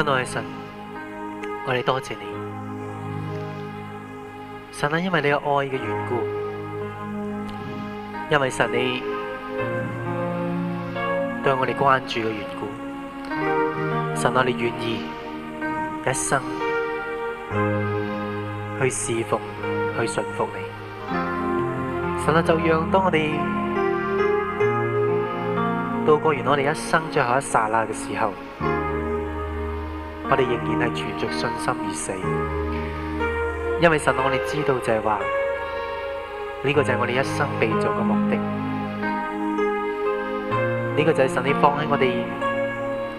親愛嘅神，我哋多謝你。神啊，因為你有愛嘅緣故，因為神你對我哋關注嘅緣故，神啊，你願意一生去侍奉、去順服你。神啊，就讓當我哋度過完我哋一生最後一剎那嘅時候。我哋仍然係存着信心而死，因為神，我哋知道就係話呢個就係我哋一生被造嘅目的。呢個就係神你放喺我哋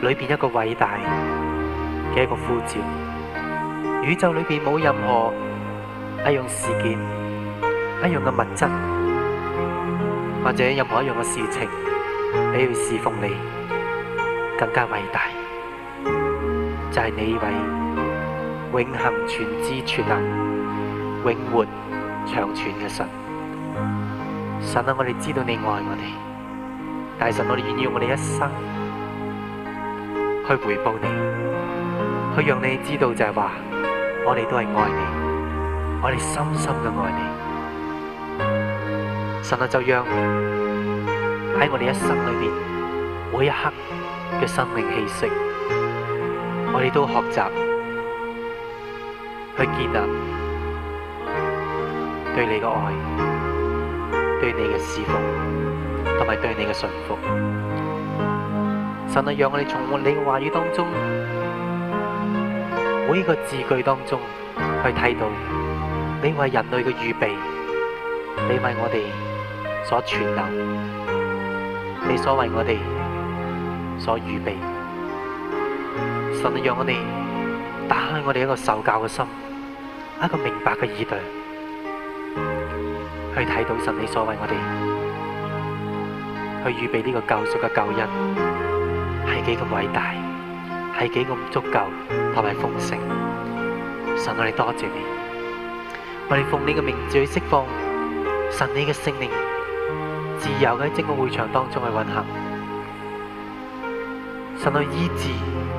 裏邊一個偉大嘅一個呼召。宇宙裏邊冇任何一樣事件，一樣嘅物質或者任何一樣嘅事情比起侍奉你更加偉大。你為永恒全知全能永活長存嘅神，神啊！我哋知道你愛我哋，但係神，啊，我哋願意用我哋一生去回報你，去讓你知道就係話我哋都係愛你，我哋深深嘅愛你，神啊！就讓喺我哋一生裏邊每一刻嘅生命氣息。我哋都學習去建立對你嘅愛、對你嘅侍奉，同埋對你嘅順服。神啊，讓我哋從你嘅話語當中，每一個字句當中，去睇到你為人類嘅預備，你為我哋所存留，你所為我哋所預備。神讓我哋打開我哋一個受教嘅心，一個明白嘅耳朵，去睇到神你所為我哋，去預備呢個救贖嘅救恩，係幾咁偉大，係幾咁足夠同埋豐盛。神我哋多謝你，我哋奉你嘅名字去釋放神你嘅聖靈，自由喺整個會場當中去運行，神去醫治。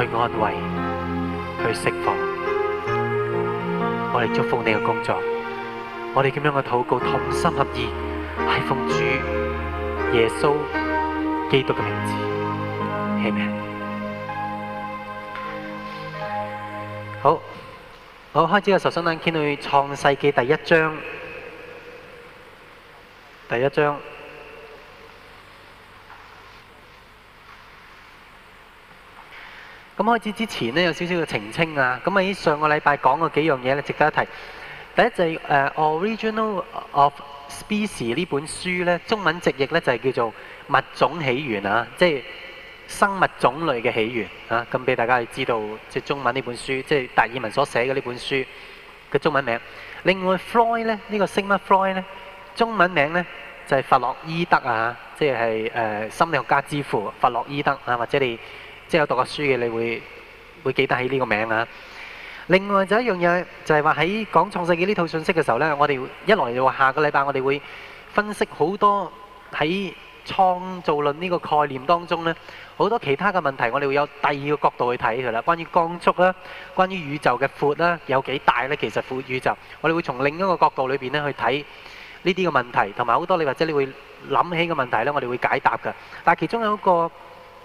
去安慰，去釋放，我哋祝福你嘅工作，我哋咁樣嘅禱告同心合意，係奉主耶穌基督嘅名字，起名。好，我開始嘅時候，首先我哋傾到去創世記第一章，第一章。咁開始之前呢，有少少嘅澄清啊！咁喺上個禮拜講過幾樣嘢咧，值得一提。第一就係《Original of Species》呢本書呢，中文直譯呢就係叫做《物種起源》啊，即係生物種類嘅起源啊。咁俾大家知道即係中文呢本書，即係達爾文所寫嘅呢本書嘅中文名。另外，Freud 呢，呢個 Sigmund Freud 呢，中文名呢就係弗洛伊德啊，即係誒心理學家之父弗洛伊德啊，或者你。即係有讀過書嘅，你會會記得起呢個名啊！另外就一樣嘢，就係話喺講創世記呢套信息嘅時候咧，我哋一來就話下個禮拜我哋會分析好多喺創造論呢個概念當中咧，好多其他嘅問題，我哋會有第二個角度去睇㗎啦。關於光速啦，關於宇宙嘅闊啦，有幾大咧？其實闊宇宙，我哋會從另一個角度裏邊咧去睇呢啲嘅問題，同埋好多你或者你會諗起嘅問題咧，我哋會解答㗎。但係其中有一個。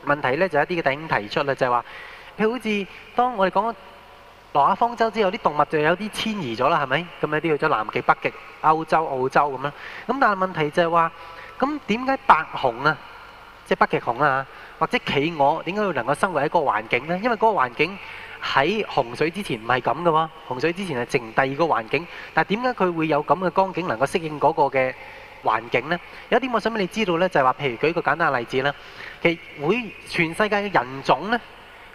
問題咧就一啲弟兄提出啦，就係話佢好似當我哋講挪亞方舟之後，啲動物就有啲遷移咗啦，係咪？咁啊，啲去咗南極、北極、歐洲、澳洲咁樣。咁但係問題就係話，咁點解白熊啊，即係北極熊啊，或者企鵝，點解會能夠生活喺嗰個環境咧？因為嗰個環境喺洪水之前唔係咁嘅喎，洪水之前係靜第二個環境。但係點解佢會有咁嘅光景能夠適應嗰個嘅？環境呢，有啲我想俾你知道呢，就係話，譬如舉一個簡單嘅例子啦，其會全世界嘅人種呢，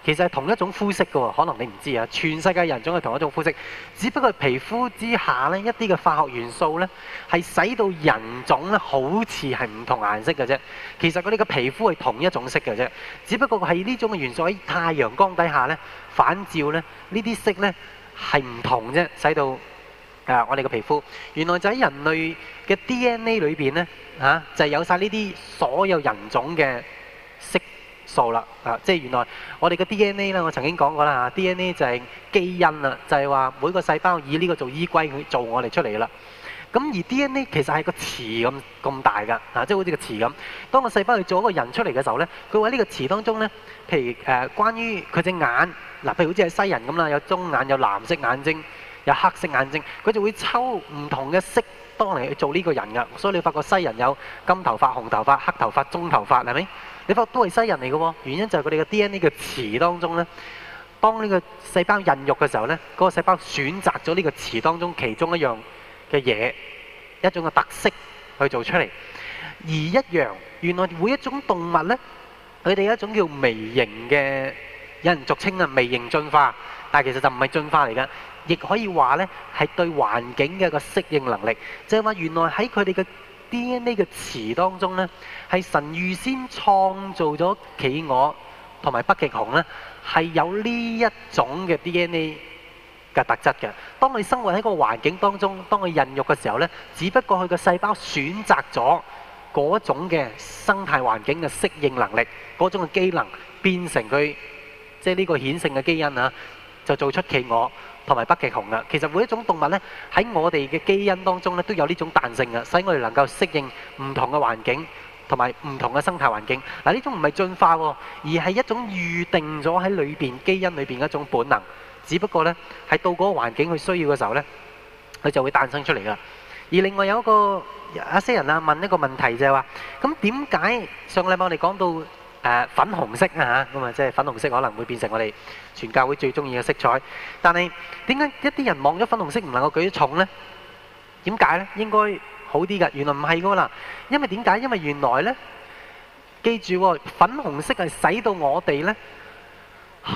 其實係同一種膚色嘅喎，可能你唔知啊，全世界人種係同一種膚色，只不過皮膚之下呢，一啲嘅化學元素呢，係使到人種呢好似係唔同顏色嘅啫，其實佢哋嘅皮膚係同一種色嘅啫，只不過係呢種嘅元素喺太陽光底下呢，反照呢，呢啲色呢，係唔同啫，使到。啊！我哋嘅皮膚原來就喺人類嘅 DNA 裏邊咧嚇，就係、是、有晒呢啲所有人種嘅色素啦。啊，即、就、係、是、原來我哋嘅 DNA 啦，我曾經講過啦嚇、啊、，DNA 就係基因啦，就係、是、話每個細胞以呢個做依歸去做我哋出嚟啦。咁、啊、而 DNA 其實係個池咁咁大噶嚇，即、啊、係、就是、好似個池咁。當個細胞去做一個人出嚟嘅時候咧，佢喺呢個池當中咧，譬如誒、呃、關於佢隻眼嗱、啊，譬如好似係西人咁啦，有棕眼，有藍色眼睛。有黑色眼睛，佢就會抽唔同嘅色，當嚟去做呢個人噶。所以你發覺西人有金頭髮、紅頭髮、黑頭髮、棕頭髮，係咪？你發覺都係西人嚟嘅，原因就係佢哋嘅 DNA 嘅詞當中咧，當呢個細胞孕育嘅時候咧，嗰個細胞選擇咗呢個詞當中其中一樣嘅嘢，一種嘅特色去做出嚟。而一樣，原來每一種動物咧，佢哋有一種叫微型嘅，有人俗稱啊微型進化，但係其實就唔係進化嚟噶。亦可以話咧，係對環境嘅個適應能力，即係話原來喺佢哋嘅 DNA 嘅詞當中咧，係神預先創造咗企鵝同埋北極熊咧，係有呢一種嘅 DNA 嘅特質嘅。當你生活喺個環境當中，當你孕育嘅時候咧，只不過佢嘅細胞選擇咗嗰種嘅生態環境嘅適應能力，嗰種嘅機能變成佢，即係呢個顯性嘅基因啊，就做出企鵝同埋北極熊啦。其實每一種動物咧，喺我哋嘅基因當中咧，都有呢種彈性嘅，使我哋能夠適應唔同嘅環境同埋唔同嘅生態環境。嗱，呢種唔係進化，而係一種預定咗喺裏邊基因裏邊嘅一種本能。只不過咧，係到嗰個環境佢需要嘅時候咧，佢就會誕生出嚟啦。而另外有一個一些人啊問一個問題就係話：咁點解上個禮拜我哋講到……誒粉紅色啊嚇，咁啊即係粉紅色可能會變成我哋全教會最鍾意嘅色彩。但係點解一啲人望咗粉紅色唔能夠舉啲重呢？點解呢？應該好啲㗎。原來唔係㗎啦，因為點解？因為原來呢，記住喎，粉紅色係使到我哋呢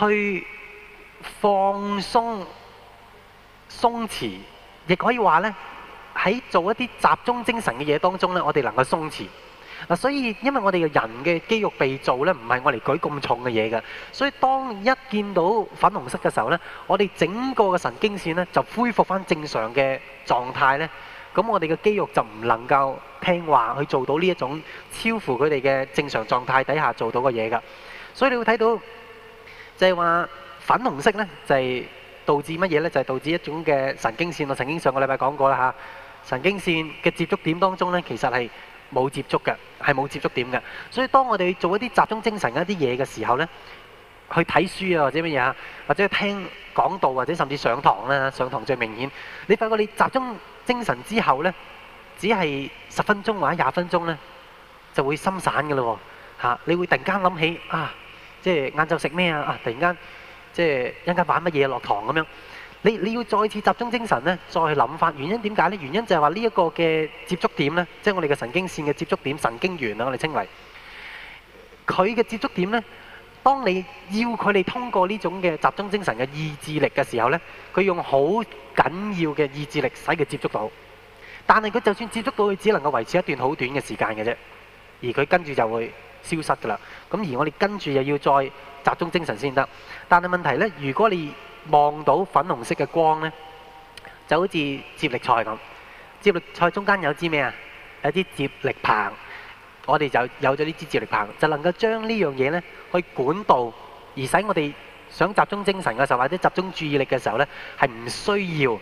去放鬆鬆弛，亦可以話呢喺做一啲集中精神嘅嘢當中呢，我哋能夠鬆弛。嗱，所以因為我哋嘅人嘅肌肉被造咧，唔係我嚟舉咁重嘅嘢嘅，所以當一見到粉紅色嘅時候咧，我哋整個嘅神經線咧就恢復翻正常嘅狀態咧，咁我哋嘅肌肉就唔能夠聽話去做到呢一種超乎佢哋嘅正常狀態底下做到嘅嘢噶，所以你會睇到就係話粉紅色咧就係導致乜嘢咧？就係導致一種嘅神經線，我曾經上個禮拜講過啦嚇，神經線嘅接觸點當中咧其實係。冇接觸嘅，係冇接觸點嘅。所以當我哋做一啲集中精神一啲嘢嘅時候咧，去睇書啊或者乜嘢啊，或者聽講道或者甚至上堂啦，上堂最明顯。你發覺你集中精神之後咧，只係十分鐘或者廿分鐘咧，就會心散嘅嘞喎嚇！你會突然間諗起啊，即係晏晝食咩啊啊！突然間即係一間玩乜嘢落堂咁樣。你你要再次集中精神咧，再去諗法。原因點解咧？原因就係話呢一個嘅接觸點咧，即係我哋嘅神經線嘅接觸點、神經元啊，我哋稱為佢嘅接觸點咧。當你要佢哋通過呢種嘅集中精神嘅意志力嘅時候咧，佢用好緊要嘅意志力使佢接觸到，但係佢就算接觸到，佢只能夠維持一段好短嘅時間嘅啫。而佢跟住就會消失㗎啦。咁而我哋跟住又要再集中精神先得。但係問題咧，如果你望到粉紅色嘅光呢，就好似接力賽咁。接力賽中間有支咩啊？有啲接力棒，我哋就有咗呢支接力棒，就能夠將呢樣嘢呢去管道，而使我哋想集中精神嘅時候或者集中注意力嘅時候呢，係唔需要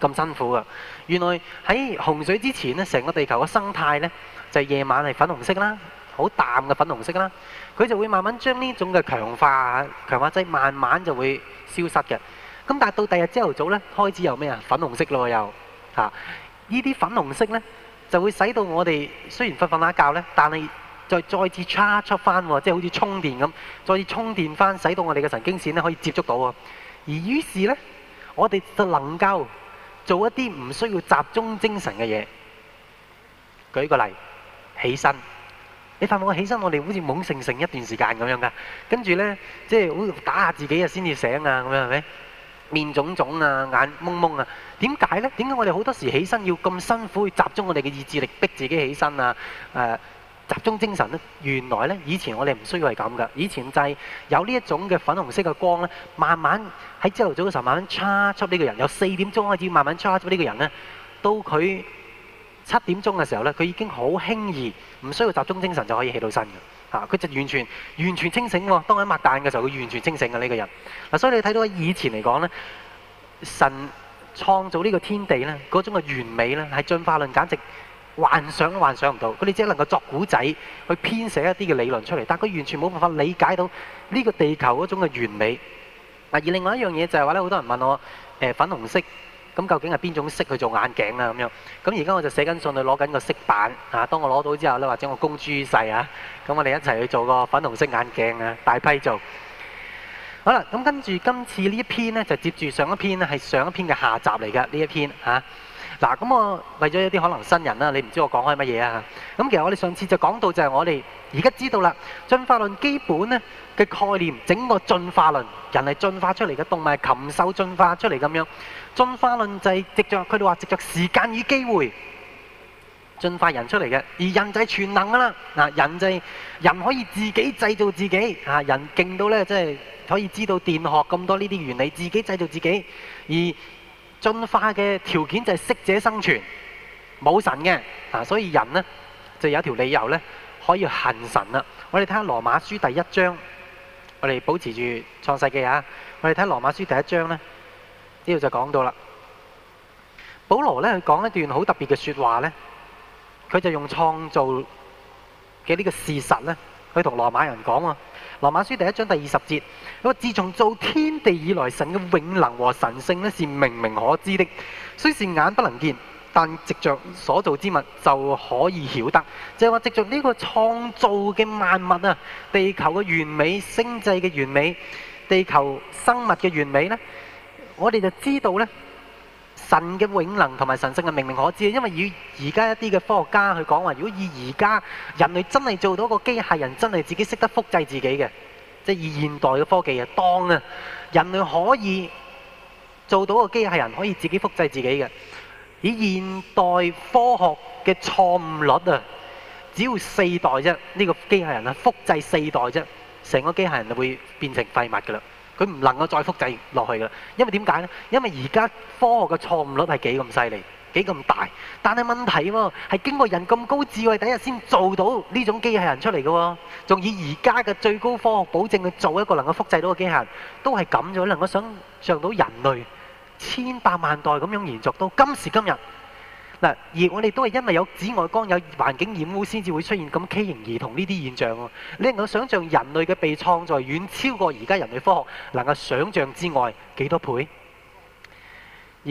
咁辛苦嘅。原來喺洪水之前呢，成個地球嘅生態呢就係夜晚係粉紅色啦。好淡嘅粉紅色啦，佢就會慢慢將呢種嘅強化強化劑慢慢就會消失嘅。咁但係到第二日朝頭早咧，開始有咩啊？粉紅色咯又嚇！依、啊、啲粉紅色咧，就會使到我哋雖然瞓瞓下覺咧，但係再再次 charge 翻喎，即係好似充電咁，再次充電翻，使到我哋嘅神經線咧可以接觸到喎。而於是咧，我哋就能夠做一啲唔需要集中精神嘅嘢。舉個例，起身。你發夢我起身，我哋好似懵盛盛一段時間咁樣噶，跟住呢，即係好打下自己啊，先至醒啊，咁樣係咪？面腫腫啊，眼矇矇啊，點解呢？點解我哋好多時起身要咁辛苦去集中我哋嘅意志力，逼自己起身啊？誒，集中精神呢。原來呢，以前我哋唔需要係咁噶。以前就係有呢一種嘅粉紅色嘅光呢，慢慢喺朝頭早嘅時候，慢慢叉出呢個人，由四點鐘開始慢慢叉出呢個人呢，到佢。七點鐘嘅時候咧，佢已經好輕易，唔需要集中精神就可以起到身嘅。嚇，佢就完全完全清醒喎。當佢擘大眼嘅時候，佢完全清醒嘅呢個人。嗱，所以你睇到以前嚟講咧，神創造呢個天地咧，嗰種嘅完美咧，係進化論簡直幻想都幻想唔到。佢哋只能夠作古仔去編寫一啲嘅理論出嚟，但佢完全冇辦法理解到呢個地球嗰種嘅完美。嗱，而另外一樣嘢就係話咧，好多人問我誒、呃、粉紅色。咁究竟係邊種色去做眼鏡啊？咁樣咁而家我就寫緊信去攞緊個色板啊！當我攞到之後咧，或者我公諸於世啊，咁我哋一齊去做個粉紅色眼鏡啊！大批做。好啦！咁跟住今次呢一篇呢，就接住上一篇係上一篇嘅下集嚟㗎。呢一篇嚇，嗱，咁我為咗一啲可能新人啦，你唔知我講開乜嘢啊？咁其實我哋上次就講到就係我哋而家知道啦，進化論基本呢，嘅概念，整個進化論人係進化出嚟嘅，動物禽獸進化出嚟咁樣。進化論制，藉著佢哋話藉著時間與機會進化人出嚟嘅，而人就係全能噶啦嗱，人就係、人可以自己製造自己啊！人勁到呢，即係可以知道電學咁多呢啲原理，自己製造自己。而進化嘅條件就係適者生存，冇神嘅嗱，所以人呢，就有條理由呢，可以恨神啦。我哋睇下《羅馬書》第一章，我哋保持住創世記啊！我哋睇《羅馬書》第一章呢。呢度就講到啦。保羅呢，講一段好特別嘅說話呢，佢就用創造嘅呢個事實呢，去同羅馬人講啊。羅馬書第一章第二十節，佢話自從造天地以來，神嘅永能和神性呢，是明明可知的，雖是眼不能見，但藉着所造之物就可以曉得。就係、是、話藉着呢個創造嘅萬物啊，地球嘅完美、星際嘅完美、地球生物嘅完美呢。我哋就知道呢，神嘅永能同埋神聖係明明可知，因為以而家一啲嘅科學家去講話，如果以而家人類真係做到個機械人真係自己識得複製自己嘅，即係以現代嘅科技啊，當啊人類可以做到個機械人可以自己複製自己嘅，以現代科學嘅錯誤率啊，只要四代啫，呢個機械人啊複製四代啫，成個機械人就會變成廢物㗎啦。佢唔能夠再複製落去嘅，因為點解呢？因為而家科學嘅錯誤率係幾咁犀利，幾咁大。但係問題喎，係經過人咁高智慧，第一先做到呢種機器人出嚟嘅喎，仲以而家嘅最高科學保證去做一個能夠複製到嘅機械人，都係咁咗，能夠想像到人類千百萬代咁樣延續到今時今日。嗱，而我哋都係因為有紫外光、有環境染污，先至會出現咁畸形兒童呢啲現象。你能夠想象人類嘅被創造遠超過而家人類科學，能夠想象之外幾多倍？而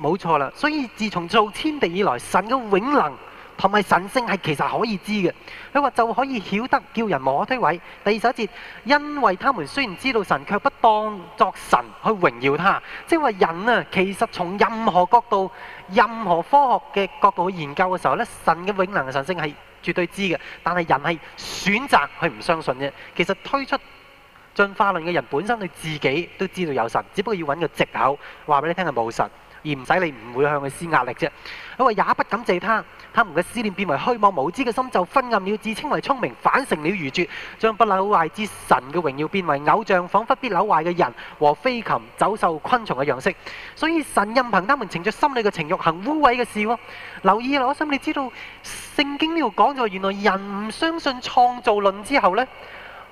冇錯啦，所以自從造天地以來，神嘅永能。同埋神性係其實可以知嘅，佢話就可以曉得叫人無可推諉。第二十一節，因為他們雖然知道神，卻不當作神去榮耀他。即係話人啊，其實從任何角度、任何科學嘅角度去研究嘅時候咧，神嘅永能嘅神性係絕對知嘅。但係人係選擇佢唔相信啫。其實推出進化論嘅人本身佢自己都知道有神，只不過要揾個藉口話俾你聽係冇神。而唔使你唔會向佢施壓力啫。因為也不感謝他，他們嘅思念變為虛妄，無知嘅心，就昏暗了，自稱為聰明，反成了愚拙，將不朽壞之神嘅榮耀變為偶像仿佛，彷彿必朽壞嘅人和飛禽、走獸、昆蟲嘅樣式。所以神任憑他們逞著心裡嘅情慾行污穢嘅事喎。留意攞心，你知道聖經呢度講咗，原來人唔相信創造論之後呢，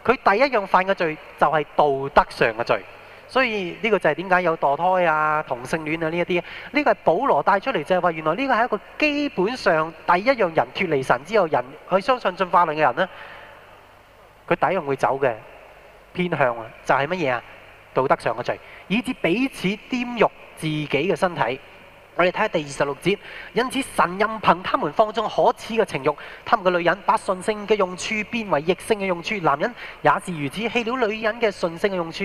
佢第一樣犯嘅罪就係、是、道德上嘅罪。所以呢個就係點解有墮胎啊、同性戀啊呢一啲？呢個係保羅帶出嚟，就係話原來呢個係一個基本上第一樣人脫離神之後人，人去相信進化論嘅人呢，佢第一樣會走嘅偏向啊，就係乜嘢啊？道德上嘅罪，以致彼此玷辱自己嘅身體。我哋睇下第二十六節。因此神任憑他們放縱可恥嘅情慾，他們嘅女人把順性嘅用處變為逆性嘅用處，男人也是如此，棄了女人嘅順性嘅用處。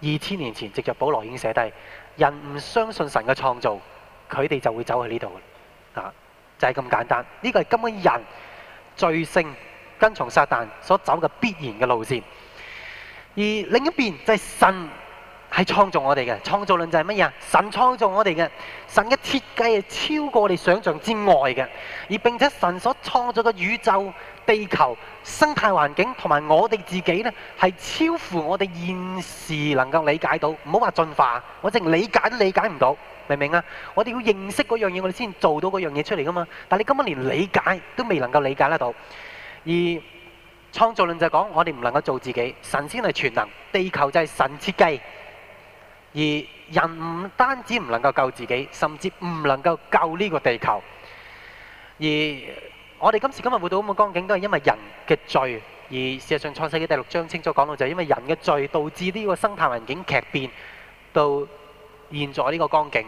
二千年前，藉著保羅已經寫低，人唔相信神嘅創造，佢哋就會走去呢度啦。就係咁簡單。呢個係根本人罪性跟從撒旦所走嘅必然嘅路線。而另一邊就係神。係創造我哋嘅創造論就係乜嘢啊？神創造我哋嘅，神嘅設計係超過我哋想象之外嘅，而並且神所創造嘅宇宙、地球、生態環境同埋我哋自己呢，係超乎我哋現時能夠理解到。唔好話進化，我淨理解都理解唔到，明唔明啊？我哋要認識嗰樣嘢，我哋先做到嗰樣嘢出嚟噶嘛。但係你根本連理解都未能夠理解得到。而創造論就係講我哋唔能夠做自己，神先係全能，地球就係神設計。而人唔單止唔能夠救自己，甚至唔能夠救呢個地球。而我哋今時今日會到咁嘅光景，都係因為人嘅罪。而事實上，《創世紀》第六章清楚講到，就係因為人嘅罪，導致呢個生態環境劇變到現在呢個光景。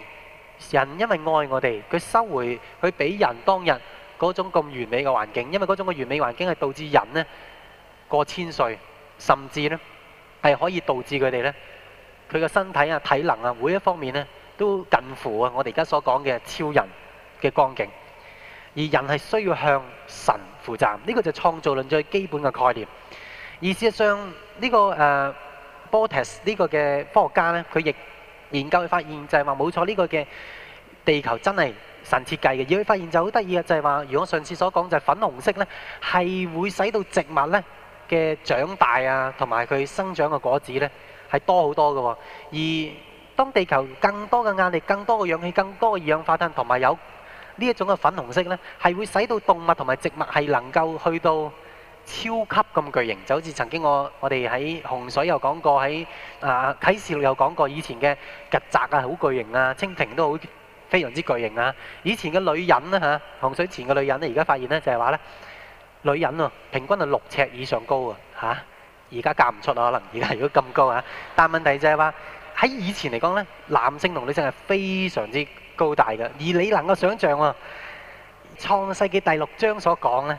人因為愛我哋，佢收回佢俾人當日嗰種咁完美嘅環境，因為嗰種嘅完美環境係導致人呢過千歲，甚至呢係可以導致佢哋呢。佢嘅身體啊、體能啊，每一方面呢，都近乎啊，我哋而家所講嘅超人嘅光景。而人係需要向神負責，呢個就係創造論最基本嘅概念。而事實上，呢、啊、個誒 Boltès 呢個嘅科學家呢，佢亦研究發現就係話冇錯，呢個嘅地球真係神設計嘅。而佢發現就好得意嘅就係話，如果上次所講就係粉紅色呢，係會使到植物呢嘅長大啊，同埋佢生長嘅果子呢。」係多好多嘅喎，而當地球更多嘅壓力、更多嘅氧氣、更多嘅二氧化碳，同埋有呢一種嘅粉紅色呢，係會使到動物同埋植物係能夠去到超級咁巨型，就好似曾經我我哋喺洪水又講過喺啊啟示錄有講過以前嘅曱甴啊好巨型啊，蜻蜓都好非常之巨型啊，以前嘅女人呢嚇，洪水前嘅女人呢，而家發現呢，就係話呢，女人啊平均係六尺以上高啊嚇。而家嫁唔出，可能而家如果咁高嚇，但問題就係話喺以前嚟講咧，男性同女性係非常之高大嘅。而你能夠想象喎，《創世記》第六章所講咧，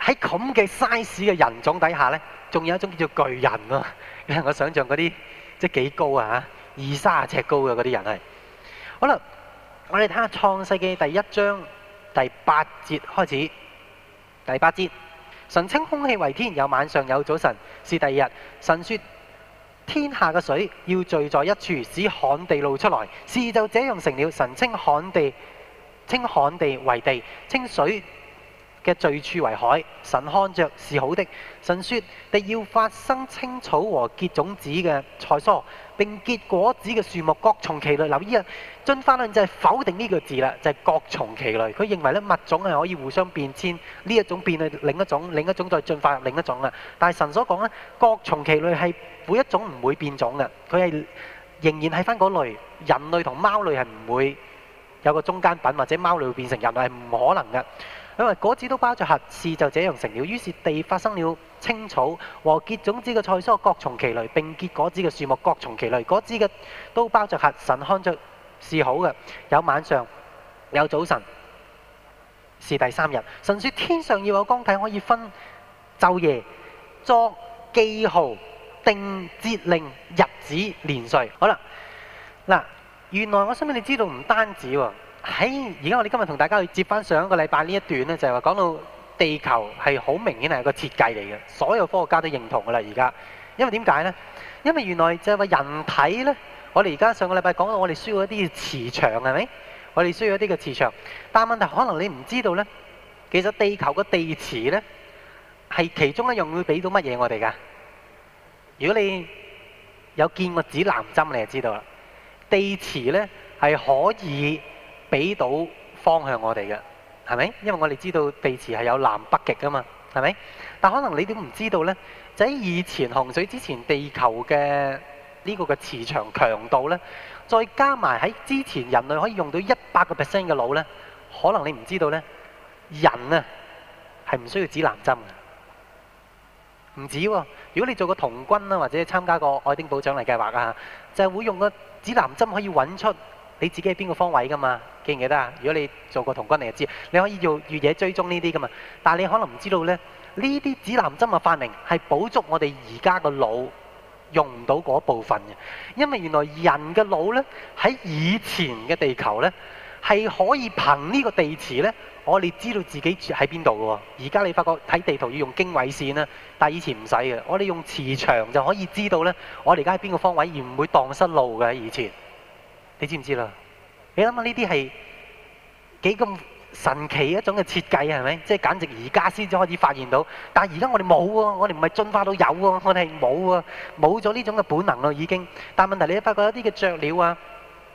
喺咁嘅 size 嘅人種底下咧，仲有一種叫做巨人咯。你能夠想象嗰啲即係幾高啊嚇？二三十尺高嘅嗰啲人係。好啦，我哋睇下《創世記》第一章第八節開始，第八節。神稱空氣為天，有晚上有早晨，是第二日。神說天下嘅水要聚在一處，使旱地露出來。事就這樣成了。神稱旱地稱旱地為地，稱水，嘅聚處為海，神看著是好的。神説：地要發生青草和結種子嘅菜蔬，並結果子嘅樹木各從其類。留意啊，進化論就係否定呢個字啦，就係各從其類。佢認為咧物種係可以互相變遷，呢一種變去另一種，另一種再進化入另一種啦。但係神所講咧，各從其類係每一種唔會變種嘅，佢係仍然係返嗰類。人類同貓類係唔會有個中間品，或者貓類會變成人類係唔可能嘅。因為果子都包著核，事就這樣成了。於是地發生了青草和結種子嘅菜蔬，各從其類；並結果子嘅樹木，各從其類。果子嘅都包著核，神看著是好嘅。有晚上，有早晨，是第三日。神說：天上要有光體，可以分晝夜，作記號，定節令、日子、年歲。好啦，嗱，原來我想俾你知道，唔單止喎。喺而家我哋今日同大家去接翻上一個禮拜呢一段咧，就係話講到地球係好明顯係個設計嚟嘅，所有科學家都認同㗎啦。而家，因為點解呢？因為原來就係話人體呢，我哋而家上個禮拜講到我哋需要一啲磁場，係咪？我哋需要一啲嘅磁場，但係問題可能你唔知道呢，其實地球個地磁呢係其中一樣會俾到乜嘢我哋㗎。如果你有見過指南針，你就知道啦。地磁呢係可以，俾到方向我哋嘅，係咪？因為我哋知道地磁係有南北極噶嘛，係咪？但可能你都唔知道呢，就喺以前洪水之前，地球嘅呢個嘅磁場強度呢，再加埋喺之前人類可以用到一百個 percent 嘅腦呢，可能你唔知道呢，人啊係唔需要指南針嘅，唔止喎。如果你做過童軍啊，或者參加過愛丁堡獎勵計劃啊，就係會用個指南針可以揾出。你自己係邊個方位㗎嘛？記唔記得啊？如果你做過童軍，你就知。你可以做越野追蹤呢啲㗎嘛。但係你可能唔知道呢，呢啲指南針嘅發明係補足我哋而家個腦用唔到嗰部分嘅。因為原來人嘅腦呢，喺以前嘅地球呢，係可以憑呢個地磁呢。我哋知道自己住喺邊度㗎。而家你發覺睇地圖要用經緯線啦，但係以前唔使嘅。我哋用磁場就可以知道呢，我哋而家喺邊個方位而唔會蕩失路嘅以前。你知唔知啦？你諗下呢啲係幾咁神奇一種嘅設計啊？係咪？即係簡直而家先至開始發現到。但係而家我哋冇喎，我哋唔係進化到有喎，我哋係冇喎，冇咗呢種嘅本能咯已經。但係問題你發覺一啲嘅雀鳥啊，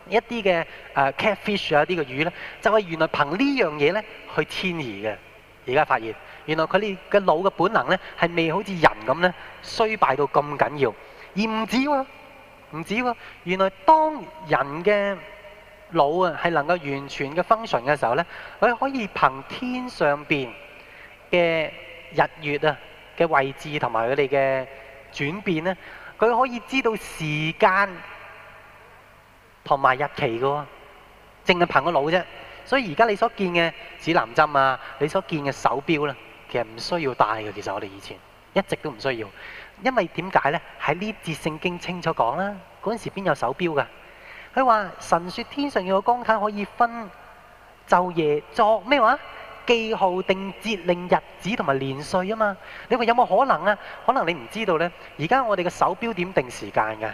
一啲嘅誒 catfish 啊，呢個魚咧，就係原來憑呢樣嘢咧去遷移嘅。而家發現原來佢哋嘅腦嘅本能咧係未好似人咁咧衰敗到咁緊要，而唔止喎。唔止喎，原來當人嘅腦啊係能夠完全嘅 function 嘅時候呢，佢可以憑天上邊嘅日月啊嘅位置同埋佢哋嘅轉變呢，佢可以知道時間同埋日期噶喎。淨係憑個腦啫。所以而家你所見嘅指南針啊，你所見嘅手錶呢，其實唔需要帶嘅，其實我哋以前一直都唔需要。因為點解呢？喺呢節聖經清楚講啦，嗰陣時邊有手錶噶？佢話神説天上要有光體可以分晝夜作咩話？記號定節令日子同埋年歲啊嘛？你話有冇可能啊？可能你唔知道呢。而家我哋嘅手錶點定時間嘅？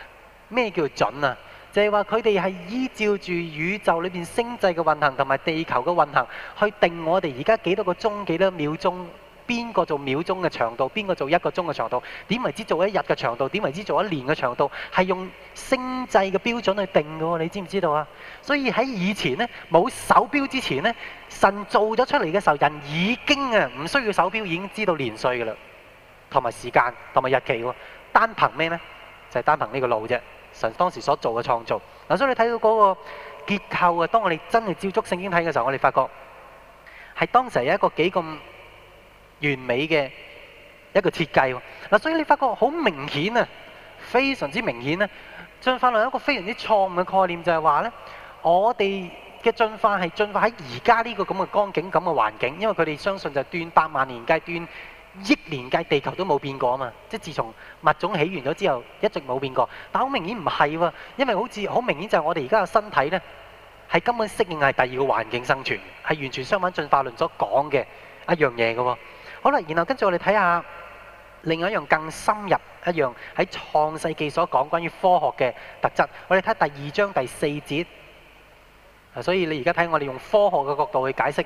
咩叫做準啊？就係話佢哋係依照住宇宙裏邊星際嘅運行同埋地球嘅運行去定我哋而家幾多個鐘，幾多秒鐘。邊個做秒鐘嘅長度？邊個做一個鐘嘅長度？點為之做一日嘅長度？點為之做一年嘅長度？係用星際嘅標準去定㗎喎，你知唔知道啊？所以喺以前呢，冇手錶之前呢，神做咗出嚟嘅時候，人已經啊唔需要手錶，已經知道年歲㗎喇，同埋時間同埋日期喎。單憑咩呢？就係、是、單憑呢個路啫。神當時所做嘅創造嗱，所以你睇到嗰個結構啊。當我哋真係照足聖經睇嘅時候，我哋發覺係當時有一個幾咁。完美嘅一個設計喎嗱，所以你發覺好明顯啊，非常之明顯啊。進化論有一個非常之錯誤嘅概念，就係話呢，我哋嘅進化係進化喺而家呢個咁嘅光景咁嘅環境，因為佢哋相信就斷百萬年界、斷億年界，地球都冇變過啊嘛，即係自從物種起源咗之後一直冇變過。但好明顯唔係喎，因為好似好明顯就係我哋而家嘅身體呢，係根本適應係第二個環境生存，係完全相反進化論所講嘅一樣嘢嘅喎。好啦，然後跟住我哋睇下另外一樣更深入一樣喺《創世記》所講關於科學嘅特質。我哋睇第二章第四節。啊，所以你而家睇我哋用科學嘅角度去解釋《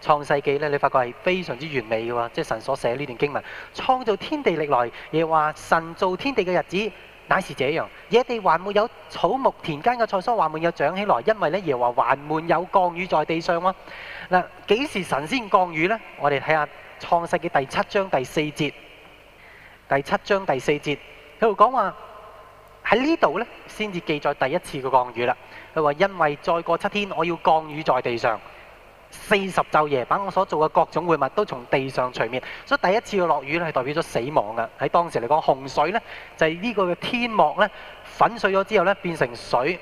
創世記》咧，你發覺係非常之完美嘅喎，即係神所寫呢段經文。創造天地歷來，耶和華神造天地嘅日子，乃是這樣：野地還沒有草木，田間嘅菜蔬還沒有長起來，因為咧，耶和華還沒有降雨在地上喎。嗱，幾時神仙降雨呢？我哋睇下。創世嘅第七章第四節，第七章第四節，佢話講話喺呢度呢先至記載第一次嘅降雨啦。佢話因為再過七天，我要降雨在地上。四十晝夜，把我所做嘅各種活物都從地上除滅。所以第一次嘅落雨咧，係代表咗死亡嘅。喺當時嚟講，洪水呢就係呢個嘅天幕呢粉碎咗之後呢變成水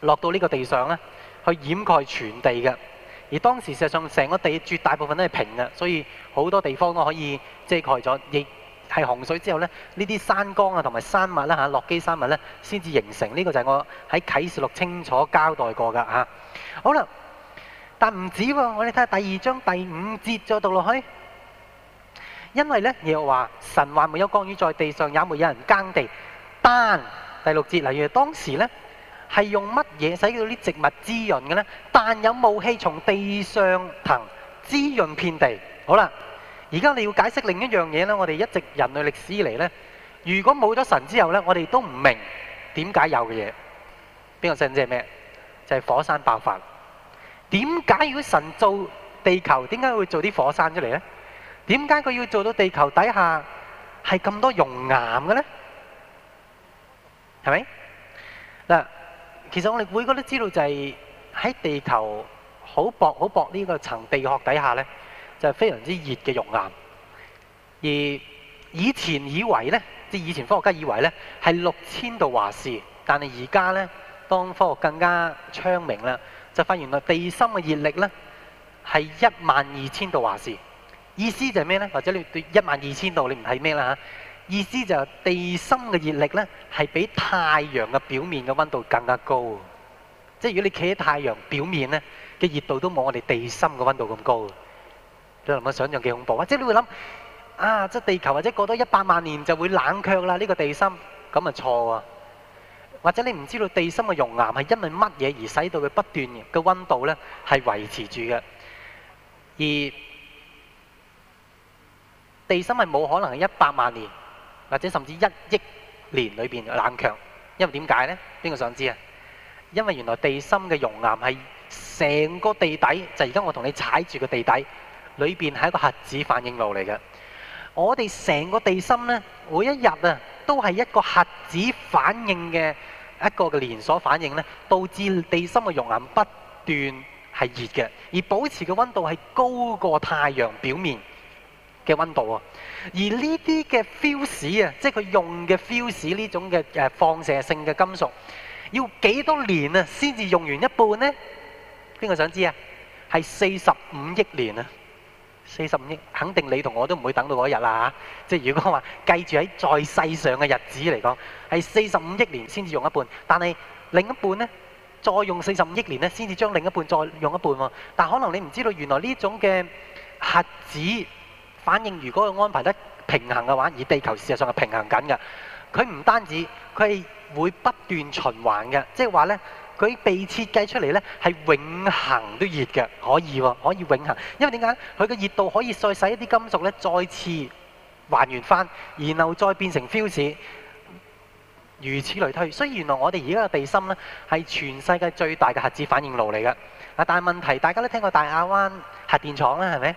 落到呢個地上呢去掩蓋全地嘅。而當時，事實上成個地絕大部分都係平嘅，所以好多地方都可以遮蓋咗。亦係洪水之後咧，呢啲山江啊同埋山脈啦嚇，落基山脈咧，先至形成。呢、這個就係我喺啟示錄清楚交代過㗎嚇。好啦，但唔止喎，我哋睇下第二章第五節再讀落去。因為咧，又話神還沒有降雨在地上，也沒有人耕地。但第六節例如當時咧。係用乜嘢使到啲植物滋潤嘅呢？但有霧氣從地上騰，滋潤遍地。好啦，而家你要解釋另一樣嘢呢。我哋一直人類歷史以嚟呢，如果冇咗神之後呢，我哋都唔明點解有嘅嘢。邊個先知咩？就係火山爆發。點解如果神造地球，點解會做啲火山出嚟呢？點解佢要做到地球底下係咁多熔岩嘅呢？係咪嗱？其實我哋每個都知道就係喺地球好薄好薄呢個層地殼底下呢，就係非常之熱嘅熔岩。而以前以為呢，即係以前科學家以為呢係六千度華氏，但係而家呢，當科學更加昌明啦，就發現原來地心嘅熱力呢係一萬二千度華氏。意思就係咩呢？或者你對一萬二千度你唔睇咩啦？意思就係地心嘅熱力呢，係比太陽嘅表面嘅温度更加高。即係如果你企喺太陽表面呢，嘅熱度都冇我哋地心嘅温度咁高。你諗下，想象幾恐怖？或者你會諗啊，即係地球或者過多一百萬年就會冷卻啦？呢個地心咁咪錯喎！或者你唔知道地心嘅熔岩係因為乜嘢而使到佢不斷嘅温度呢係維持住嘅，而地心係冇可能係一百萬年。或者甚至一億年裏邊冷強，因為點解呢？邊個想知啊？因為原來地心嘅熔岩係成個地底，就而家我同你踩住個地底裏邊係一個核子反應爐嚟嘅。我哋成個地心呢，每一日啊，都係一個核子反應嘅一個嘅連鎖反應呢，導致地心嘅熔岩不斷係熱嘅，而保持嘅温度係高過太陽表面嘅温度啊，而呢啲嘅 fuse 啊，即係佢用嘅 fuse 呢種嘅誒放射性嘅金屬，要幾多年啊先至用完一半呢？邊個想知啊？係四十五億年啊！四十五億肯定你同我都唔會等到嗰一日啦。即係如果話計住喺在世上嘅日子嚟講，係四十五億年先至用一半，但係另一半呢再用四十五億年呢先至將另一半再用一半喎。但係可能你唔知道原來呢種嘅核子。反應如果佢安排得平衡嘅話，而地球事實上係平衡緊嘅。佢唔單止，佢係會不斷循環嘅，即係話呢，佢被設計出嚟呢係永恆都熱嘅，可以喎，可以永恆。因為點解？佢嘅熱度可以再使一啲金屬呢再次還原返，然後再變成 fuse 如此類推。所以原來我哋而家嘅地心呢係全世界最大嘅核子反應爐嚟㗎。嗱，但係問題大家都聽過大亞灣核電廠啦，係咪？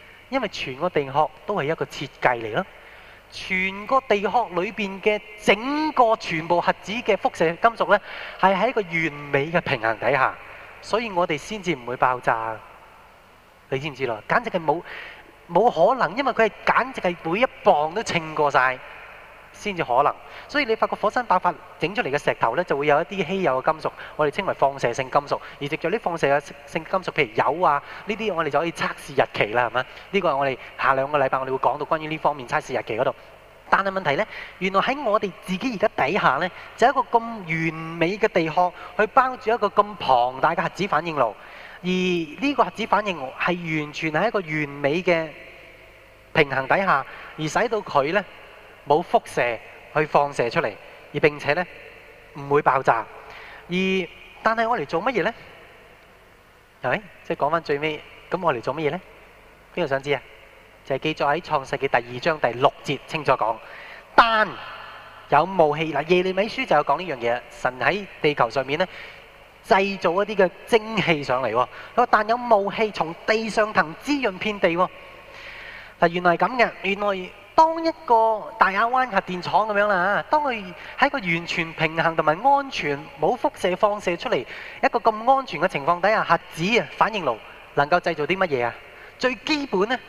因為全個地殼都係一個設計嚟咯，全個地殼裏邊嘅整個全部核子嘅輻射金屬呢，係喺一個完美嘅平衡底下，所以我哋先至唔會爆炸。你知唔知咯？簡直係冇冇可能，因為佢係簡直係每一磅都稱過晒。先至可能，所以你發覺火山爆發整出嚟嘅石頭咧，就會有一啲稀有嘅金屬，我哋稱為放射性金屬。而藉著啲放射性金屬，譬如鈾啊，呢啲我哋就可以測試日期啦，係咪？呢個係我哋下兩個禮拜我哋會講到關於呢方面測試日期嗰度。但係問題咧，原來喺我哋自己而家底下咧，就一個咁完美嘅地殼去包住一個咁龐大嘅核子反應爐，而呢個核子反應爐係完全係一個完美嘅平衡底下，而使到佢咧。冇輻射去放射出嚟，而並且咧唔會爆炸。而但係我嚟做乜嘢咧？係咪？即係講翻最尾，咁我嚟做乜嘢咧？邊個想知啊？就係記載喺創世記第二章第六節清楚講，但有霧氣嗱。耶利米書就有講呢樣嘢，神喺地球上面咧製造一啲嘅蒸氣上嚟喎。佢話但有霧氣從地上騰，滋潤遍地喎。嗱，原來咁嘅，原來。當一個大亞灣核電廠咁樣啦，當佢喺個完全平衡同埋安全、冇輻射放射出嚟一個咁安全嘅情況底下，核子啊反應爐能夠製造啲乜嘢啊？最基本呢，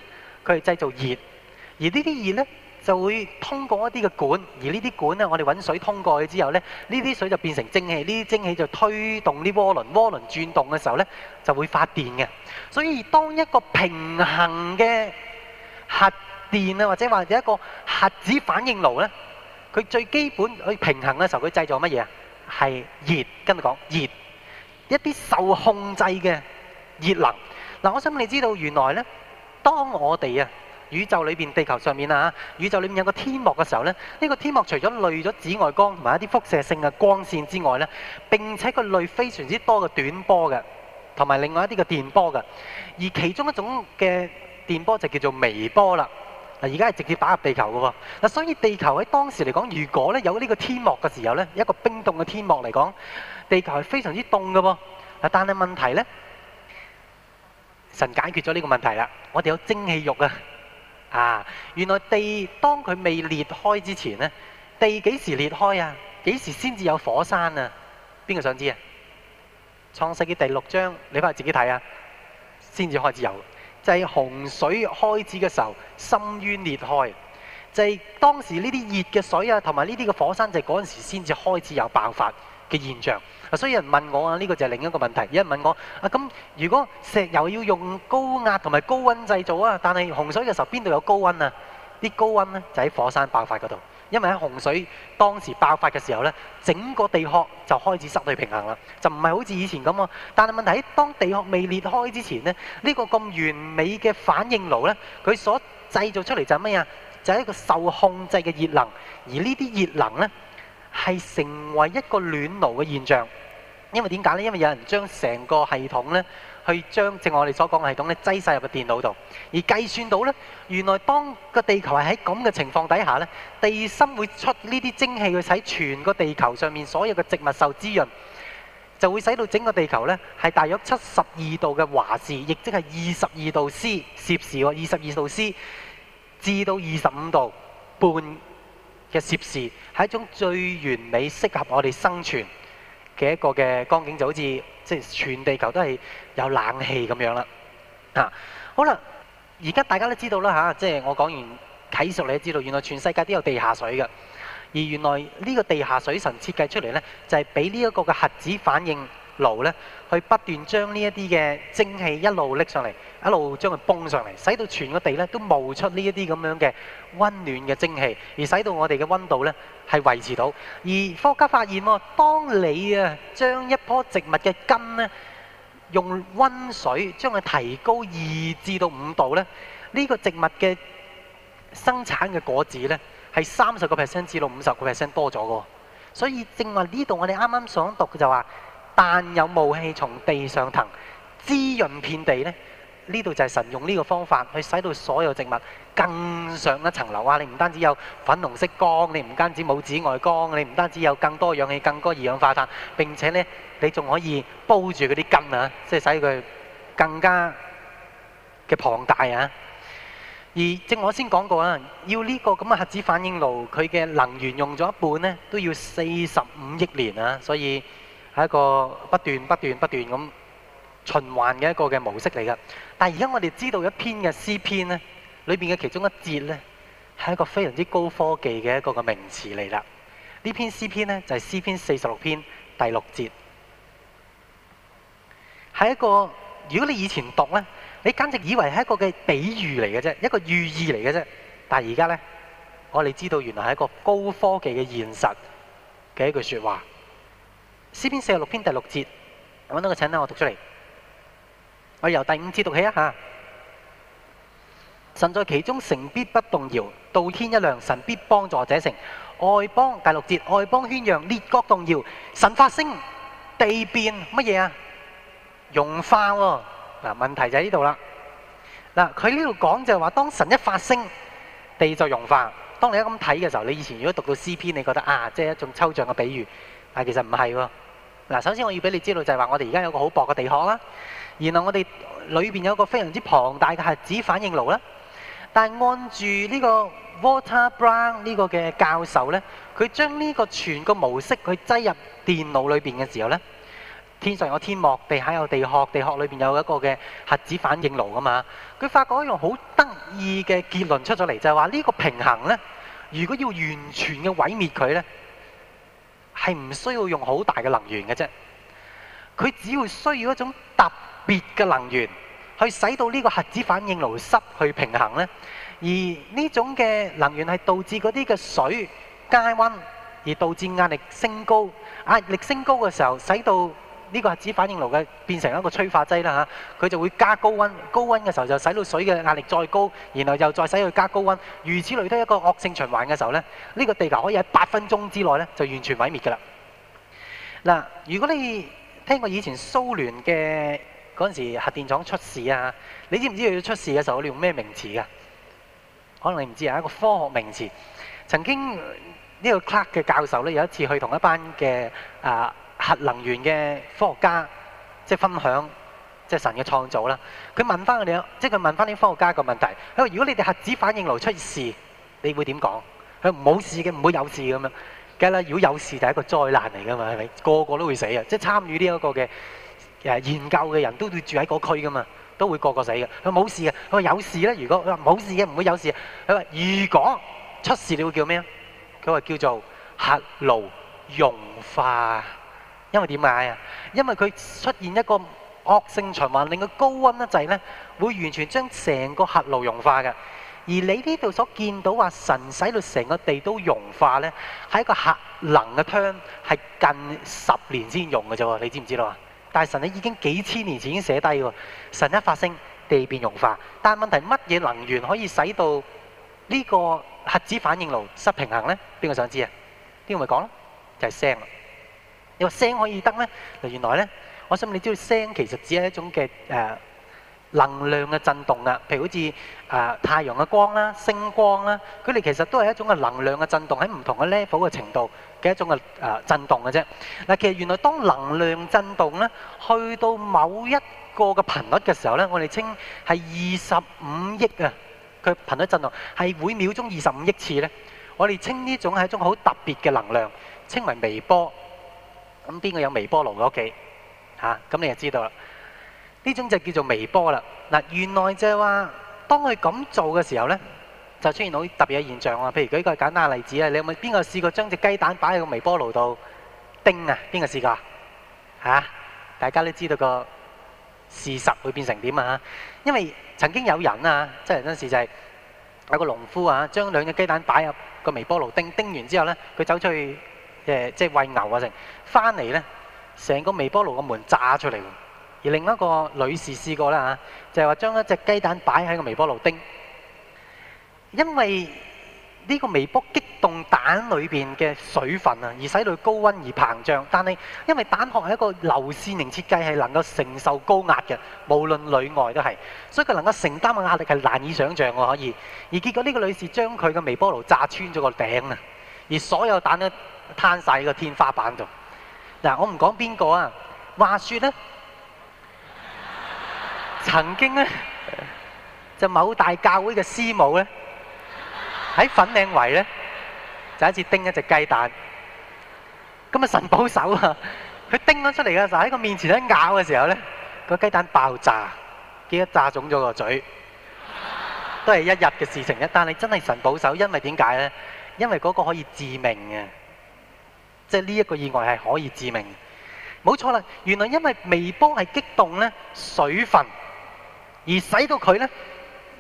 佢係製造熱，而呢啲熱呢就會通過一啲嘅管，而呢啲管呢，我哋揾水通過去之後呢，呢啲水就變成蒸汽，呢啲蒸汽就推動啲渦輪，渦輪轉動嘅時候呢就會發電嘅。所以當一個平衡嘅核電啊，或者話一個核子反應爐呢，佢最基本去平衡嘅時候，佢製造乜嘢啊？係熱，跟住講熱，一啲受控制嘅熱能。嗱，我想你知道原來呢，當我哋啊宇宙裏面、地球上面啊，宇宙裏面有個天幕嘅時候呢，呢個天幕除咗濾咗紫外光同埋一啲輻射性嘅光線之外呢，並且佢濾非常之多嘅短波嘅，同埋另外一啲嘅電波嘅，而其中一種嘅電波就叫做微波啦。而家係直接打入地球噶喎。嗱，所以地球喺當時嚟講，如果咧有呢個天幕嘅時候咧，一個冰凍嘅天幕嚟講，地球係非常之凍嘅噃。嗱，但係問題咧，神解決咗呢個問題啦。我哋有蒸氣浴啊。啊，原來地當佢未裂開之前咧，地幾時裂開啊？幾時先至有火山啊？邊個想知啊？創世記第六章，你翻去自己睇啊，先至開始有。就係、是、洪水開始嘅時候，深淵裂開，就係、是、當時呢啲熱嘅水啊，同埋呢啲嘅火山就嗰陣時先至開始有爆發嘅現象。啊，所以有人問我啊，呢、這個就係另一個問題。有人問我啊，咁如果石油要用高壓同埋高溫製造啊，但係洪水嘅時候邊度有高溫啊？啲高溫呢，就喺火山爆發嗰度。因為喺洪水當時爆發嘅時候呢，整個地殼就開始失去平衡啦，就唔係好似以前咁喎。但係問題喺當地殼未裂開之前呢，呢、呢個咁完美嘅反應爐呢，佢所製造出嚟就係咩呀？就係、是、一個受控制嘅熱能，而呢啲熱能呢，係成為一個暖爐嘅現象。因為點解呢？因為有人將成個系統呢。去將正我哋所講嘅系統咧，擠晒入個電腦度，而計算到呢，原來當個地球係喺咁嘅情況底下呢，地心會出呢啲蒸汽，去使全個地球上面所有嘅植物受滋潤，就會使到整個地球呢係大約七十二度嘅華氏，亦即係二十二度 C 攝氏喎，二十二度 C 至到二十五度半嘅攝氏係一種最完美適合我哋生存。嘅一個嘅光景，就好似即係全地球都係有冷氣咁樣啦，啊好啦，而家大家都知道啦嚇，即、啊、係、就係、我講完啓述你都知道，原來全世界都有地下水嘅，而原來呢個地下水神設計出嚟呢，就係俾呢一個嘅核子反應爐咧，去不斷將呢一啲嘅蒸汽一路拎上嚟，一路將佢泵上嚟，使到全個地咧都冒出呢一啲咁樣嘅温暖嘅蒸汽，而使到我哋嘅温度咧係維持到。而科學家發現喎，當你啊將一棵植物嘅根咧用温水將佢提高二至到五度咧，呢個植物嘅生產嘅果子咧係三十個 percent 至到五十個 percent 多咗嘅。所以正話呢度我哋啱啱想讀嘅就話。但有霧氣從地上騰，滋潤遍地咧。呢度就係神用呢個方法去使到所有植物更上一層樓啊！你唔單止有粉紅色光，你唔單止冇紫外光，你唔單止有更多氧氣、更多二氧化碳，並且咧你仲可以煲住嗰啲根啊，即係使佢更加嘅龐大啊！而正我先講過啊，要呢個咁嘅核子反應爐，佢嘅能源用咗一半咧，都要四十五億年啊，所以。係一個不斷不斷不斷咁循環嘅一個嘅模式嚟㗎。但係而家我哋知道一篇嘅詩篇咧，裏邊嘅其中一節咧，係一個非常之高科技嘅一個嘅名詞嚟啦。呢篇詩篇咧就係詩篇四十六篇第六節，係一個如果你以前讀咧，你簡直以為係一個嘅比喻嚟嘅啫，一個寓意嚟嘅啫。但係而家咧，我哋知道原來係一個高科技嘅現實嘅一句説話。詩篇四十六篇第六節，揾到個請啊！我讀出嚟，我由第五節讀起一吓、啊。神在其中，城必不動搖；到天一亮，神必幫助這城。外邦第六節，外邦喧嚷，列國動搖。神發聲，地變乜嘢啊？融化喎！嗱，問題就喺呢度啦。嗱，佢呢度講就係話，當神一發聲，地就融化。當你一咁睇嘅時候，你以前如果讀到詩篇，你覺得啊，即係一種抽象嘅比喻。但其實唔係喎。嗱，首先我要俾你知道就係話，我哋而家有個好薄嘅地殼啦。然後我哋裏面有個非常之龐大嘅核子反應爐啦。但係按住呢個 Walter Brown 呢個嘅教授呢，佢將呢個全個模式佢擠入電腦裏面嘅時候呢，天上有天幕，地下有地殼，地殼裏面有一個嘅核子反應爐噶嘛。佢發覺一樣好得意嘅結論出咗嚟，就係話呢個平衡呢，如果要完全嘅毀滅佢呢。係唔需要用好大嘅能源嘅啫，佢只會需要一種特別嘅能源去使到呢個核子反應爐失去平衡咧，而呢種嘅能源係導致嗰啲嘅水加温，而導致壓力升高，壓力升高嘅時候使到。呢個核子反應爐嘅變成一個催化劑啦嚇，佢就會加高温，高温嘅時候就使到水嘅壓力再高，然後又再使佢加高温，如此類推一個惡性循環嘅時候咧，呢個地球可以喺八分鐘之內咧就完全毀滅㗎啦。嗱，如果你聽過以前蘇聯嘅嗰陣時核電廠出事啊，你知唔知佢出事嘅時候你用咩名詞㗎？可能你唔知係一個科學名詞。曾經呢個 Clark 嘅教授咧有一次去同一班嘅啊，呃核能源嘅科學家即係分享即係神嘅創造啦。佢問翻佢哋，即係佢問翻啲科學家個問題。佢話：如果你哋核子反應爐出事，你會點講？佢話唔冇事嘅，唔會有事咁樣。梗係啦，如果有事就係一個災難嚟㗎嘛，係咪？個個都會死啊！即係參與呢一個嘅誒研究嘅人都會住喺個區㗎嘛，都會個個死嘅。佢冇事嘅，佢話有事咧。如果佢話冇事嘅，唔會有事。佢話如果出事，你會叫咩啊？佢話叫做核爐融化。因為點解啊？因為佢出現一個惡性循環，令佢高溫一滯呢，會完全將成個核爐融化嘅。而你呢度所見到話神使到成個地都融化呢，係一個核能嘅腔，係近十年先溶嘅啫喎。你知唔知道？但係神咧已經幾千年前已經寫低喎。神一發聲，地變融化。但係問題，乜嘢能源可以使到呢個核子反應爐失平衡呢？邊個想知啊？邊個咪講咯？就係聲。你話聲可以得咩？嗱，原來呢，我想問你知道聲其實只係一種嘅誒、呃、能量嘅震動啊。譬如好似誒、呃、太陽嘅光啦、星光啦，佢哋其實都係一種嘅能量嘅震動，喺唔同嘅 level 嘅程度嘅一種嘅誒震動嘅啫。嗱，其實原來當能量震動呢，去到某一個嘅頻率嘅時候呢，我哋稱係二十五億啊，佢頻率震動係每秒鐘二十五億次呢，我哋稱呢種係一種好特別嘅能量，稱為微波。咁邊個有微波爐嘅屋企？嚇、啊，咁你就知道啦。呢種就叫做微波啦。嗱，原來就係話，當佢咁做嘅時候咧，就出現到特別嘅現象啊。譬如舉一個簡單嘅例子啊，你有冇邊個試過將隻雞蛋擺喺個微波爐度叮啊？邊個試過？嚇、啊，大家都知道個事實會變成點啊？因為曾經有人啊，即係嗰陣時就係有個農夫啊，將兩隻雞蛋擺入個微波爐叮，叮完之後咧，佢走出去。誒，即係喂牛啊！成翻嚟呢，成個微波爐個門炸出嚟。而另一個女士試過啦嚇，就係話將一隻雞蛋擺喺個微波爐叮，因為呢個微波激動蛋裏邊嘅水分啊，而使到高溫而膨脹。但係因為蛋殼係一個流線型設計，係能夠承受高壓嘅，無論裏外都係。所以佢能夠承擔嘅壓力係難以想像嘅可以。而結果呢個女士將佢嘅微波爐炸穿咗個頂啊！而所有蛋咧～攤曬喺個天花板度嗱，我唔講邊個啊？話説咧，曾經咧就某大教會嘅師母咧，喺粉嶺圍咧就一次叮一隻雞蛋，咁啊神保守啊，佢叮咗出嚟嘅時候喺個面前一咬嘅時候咧個雞蛋爆炸，記得炸腫咗個嘴，都係一日嘅事情啫。但係真係神保守，因為點解咧？因為嗰個可以致命嘅。即係呢一個意外係可以致命，冇錯啦。原來因為微波係激動咧水分，而使到佢咧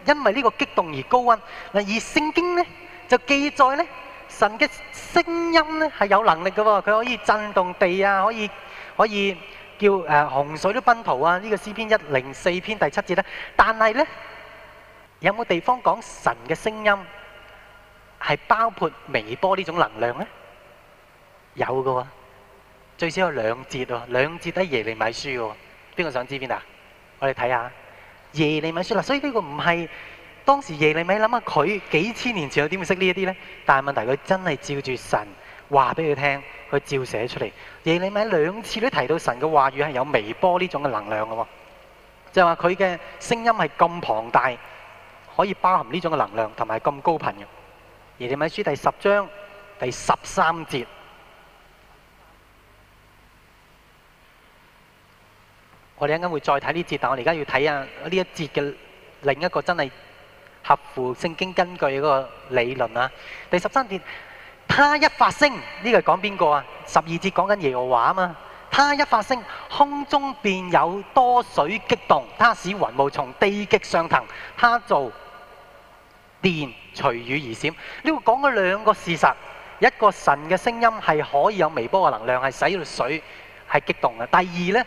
因為呢個激動而高溫嗱。而聖經咧就記載咧神嘅聲音咧係有能力嘅喎，佢可以震動地啊，可以可以叫誒洪水都奔逃啊。呢個詩篇一零四篇第七節咧，但係咧有冇地方講神嘅聲音係包括微波呢種能量咧？有嘅，最少有兩節喎，兩節都係耶利米書嘅。邊個想知邊度？我哋睇下耶利米書啦。所以呢個唔係當時耶利米諗下佢幾千年前又點會識呢一啲呢？但係問題佢真係照住神話俾佢聽，佢照寫出嚟。耶利米兩次都提到神嘅話語係有微波呢種嘅能量嘅喎，就係話佢嘅聲音係咁龐大，可以包含呢種嘅能量同埋咁高頻嘅。耶利米書第十章第十三節。我哋陣間會再睇呢節，但係我哋而家要睇下呢一節嘅另一個真係合乎聖經根據嗰個理論啊。第十三節，他一發聲，呢個係講邊個啊？十二節講緊耶和華啊嘛。他一發聲，空中便有多水激動，他使雲霧從地極上騰，他造電隨雨而閃。呢個講咗兩個事實：一個神嘅聲音係可以有微波嘅能量，係使到水係激動嘅；第二呢。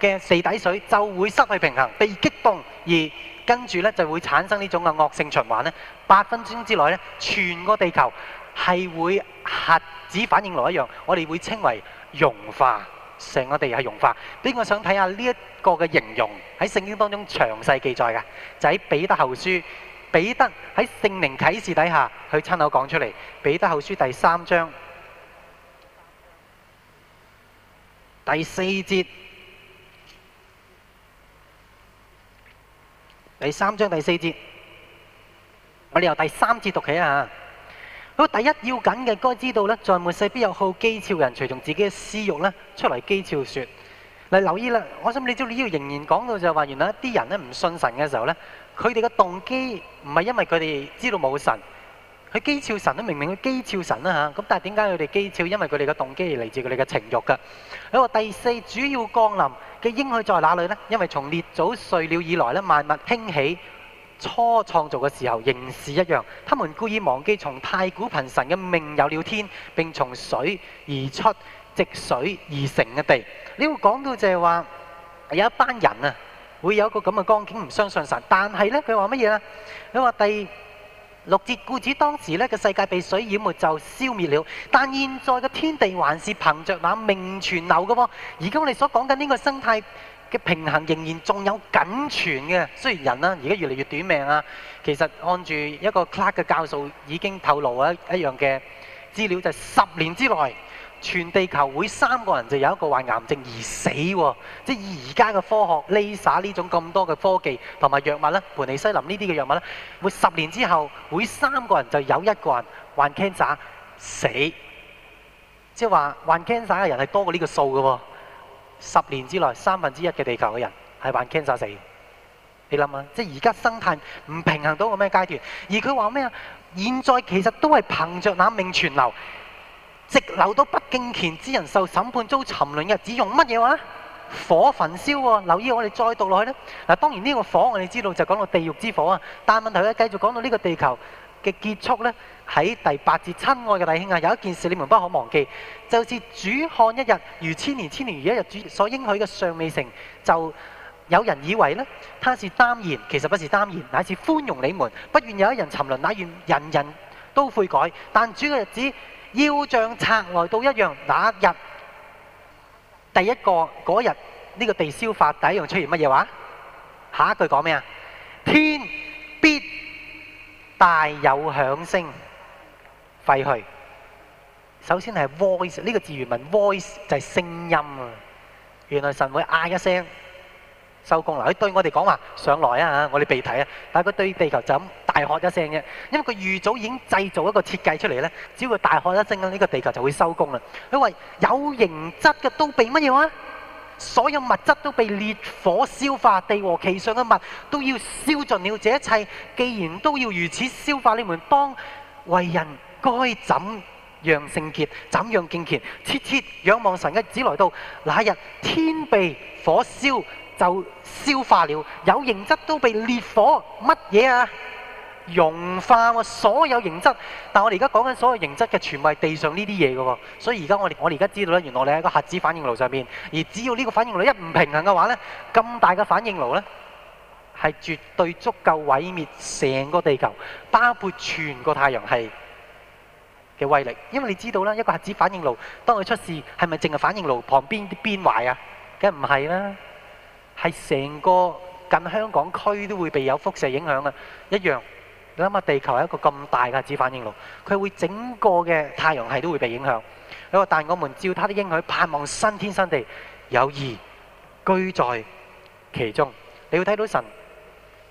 嘅四底水就會失去平衡，被激動，而跟住呢就會產生呢種嘅惡性循環。八分鐘之內呢，全個地球係會核子反應爐一樣，我哋會稱為融化，成個地係融化。邊個想睇下呢一個嘅形容喺聖經當中詳細記載嘅？就喺彼得後書，彼得喺聖靈啟示底下去親口講出嚟。彼得後書第三章第四節。第三章第四節，我哋由第三節讀起啊！好，第一要緊嘅，該知道咧，在末世必有好譏誚人，隨從自己嘅私慾咧出嚟譏誚説。嗱，你留意啦，我想你知，你依度仍然講到就係話，原來一啲人咧唔信神嘅時候咧，佢哋嘅動機唔係因為佢哋知道冇神。佢譏誚神啦，明明佢譏誚神啦嚇，咁但係點解佢哋譏誚？因為佢哋嘅動機係嚟自佢哋嘅情慾㗎。佢話第四主要降臨嘅應許在哪裡呢？因為從列祖睡了以來咧，萬物與起初創造嘅時候仍是一樣。他們故意忘記從太古憑神嘅命有了天，並從水而出，藉水而成嘅地。你會講到就係話有一班人啊，會有一個咁嘅光景唔相信神，但係呢，佢話乜嘢啊？佢話第。六節，故此當時呢個世界被水淹沒，就消滅了，但現在嘅天地還是憑着那命存留嘅喎。而家我哋所講緊呢個生態嘅平衡仍然仲有僅存嘅。雖然人啦、啊，而家越嚟越短命啊。其實按住一個 Clark 嘅教授已經透露一一樣嘅資料，就係、是、十年之內。全地球每三個人就有一個患癌症而死喎！即係而家嘅科學，LASER 呢種咁多嘅科技同埋藥物咧，盤尼西林呢啲嘅藥物咧，每十年之後每三個人就有一個人患 cancer 死。即係話患 cancer 嘅人係多過呢個數嘅喎。十年之內，三分之一嘅地球嘅人係患 cancer 死。你諗下，即係而家生態唔平衡到個咩階段？而佢話咩啊？現在其實都係憑着那命存留。直流到不敬虔之人受審判遭沉淪嘅日子，用乜嘢話？火焚燒喎、哦！留意我哋再讀落去呢。嗱，當然呢個火我哋知道就講到地獄之火啊。但問題係繼續講到呢個地球嘅結束呢。喺第八節，親愛嘅弟兄啊，有一件事你們不可忘記，就是主看一日如千年，千年如一日。主所應許嘅尚未成就，有人以為呢，他是耽延，其實不是耽延，乃是寬容你們，不願有一人沉淪，乃願人人都悔改。但主嘅日子。要像賊來到一樣，那一日，第一個嗰日，呢、這個地消化第一樣出現乜嘢話？下一句講咩啊？天必大有響聲廢去。首先係 voice 呢個字原文，voice 就係聲音啊。原來神會嗌一聲。收工啦！佢對我哋講話上來啊，我哋避睇啊，但係佢對地球就咁大喝一聲嘅，因為佢預早已經製造一個設計出嚟咧。只要佢大喝一聲，呢個地球就會收工啦。佢話有形質嘅都被乜嘢啊？所有物質都被烈火消化，地和其上嘅物都要燒盡了。這一切既然都要如此消化，你們當為人該怎樣聖潔，怎樣敬虔？切切仰望神嘅日子來到那日，天被火燒。就消化了，有形質都被烈火乜嘢啊融化喎，所有形質。但我哋而家講緊所有形質嘅，全部係地上呢啲嘢嘅喎。所以而家我哋我哋而家知道咧，原來你喺個核子反應爐上面。而只要呢個反應爐一唔平衡嘅話呢，咁大嘅反應爐呢，係絕對足夠毀滅成個地球，包括全個太陽系嘅威力。因為你知道啦，一個核子反應爐當佢出事，係咪淨係反應爐旁邊變壞啊？梗唔係啦。係成個近香港區都會被有輻射影響嘅，一樣，你諗下地球係一個咁大嘅子反應爐，佢會整個嘅太陽系都會被影響。嗱，但我們照他的應許，盼望新天新，新地有義居在其中。你要睇到神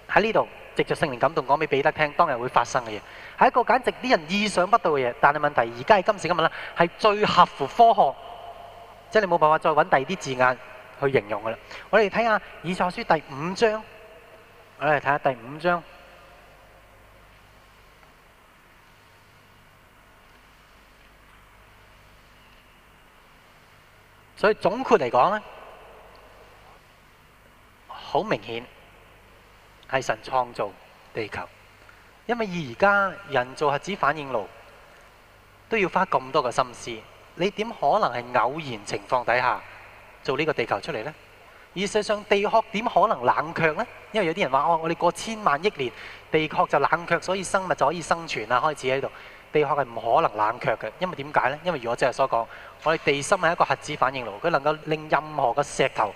喺呢度藉着聖靈感動，講俾彼得聽，當日會發生嘅嘢，係一個簡直啲人意想不到嘅嘢。但係問題，而家係今時今日啦，係最合乎科學，即係你冇辦法再揾第二啲字眼。去形容噶啦，我哋睇下《以賽亞書》第五章，我哋睇下第五章。所以總括嚟講咧，好明顯係神創造地球，因為而家人造核子反應爐都要花咁多嘅心思，你點可能係偶然情況底下做呢個地球出嚟呢？而世上地殼點可能冷卻呢？因為有啲人話：哦，我哋過千萬億年，地殼就冷卻，所以生物就可以生存啦，開始喺度。地殼係唔可能冷卻嘅，因為點解呢？因為如我今日所講，我哋地心係一個核子反應爐，佢能夠令任何個石頭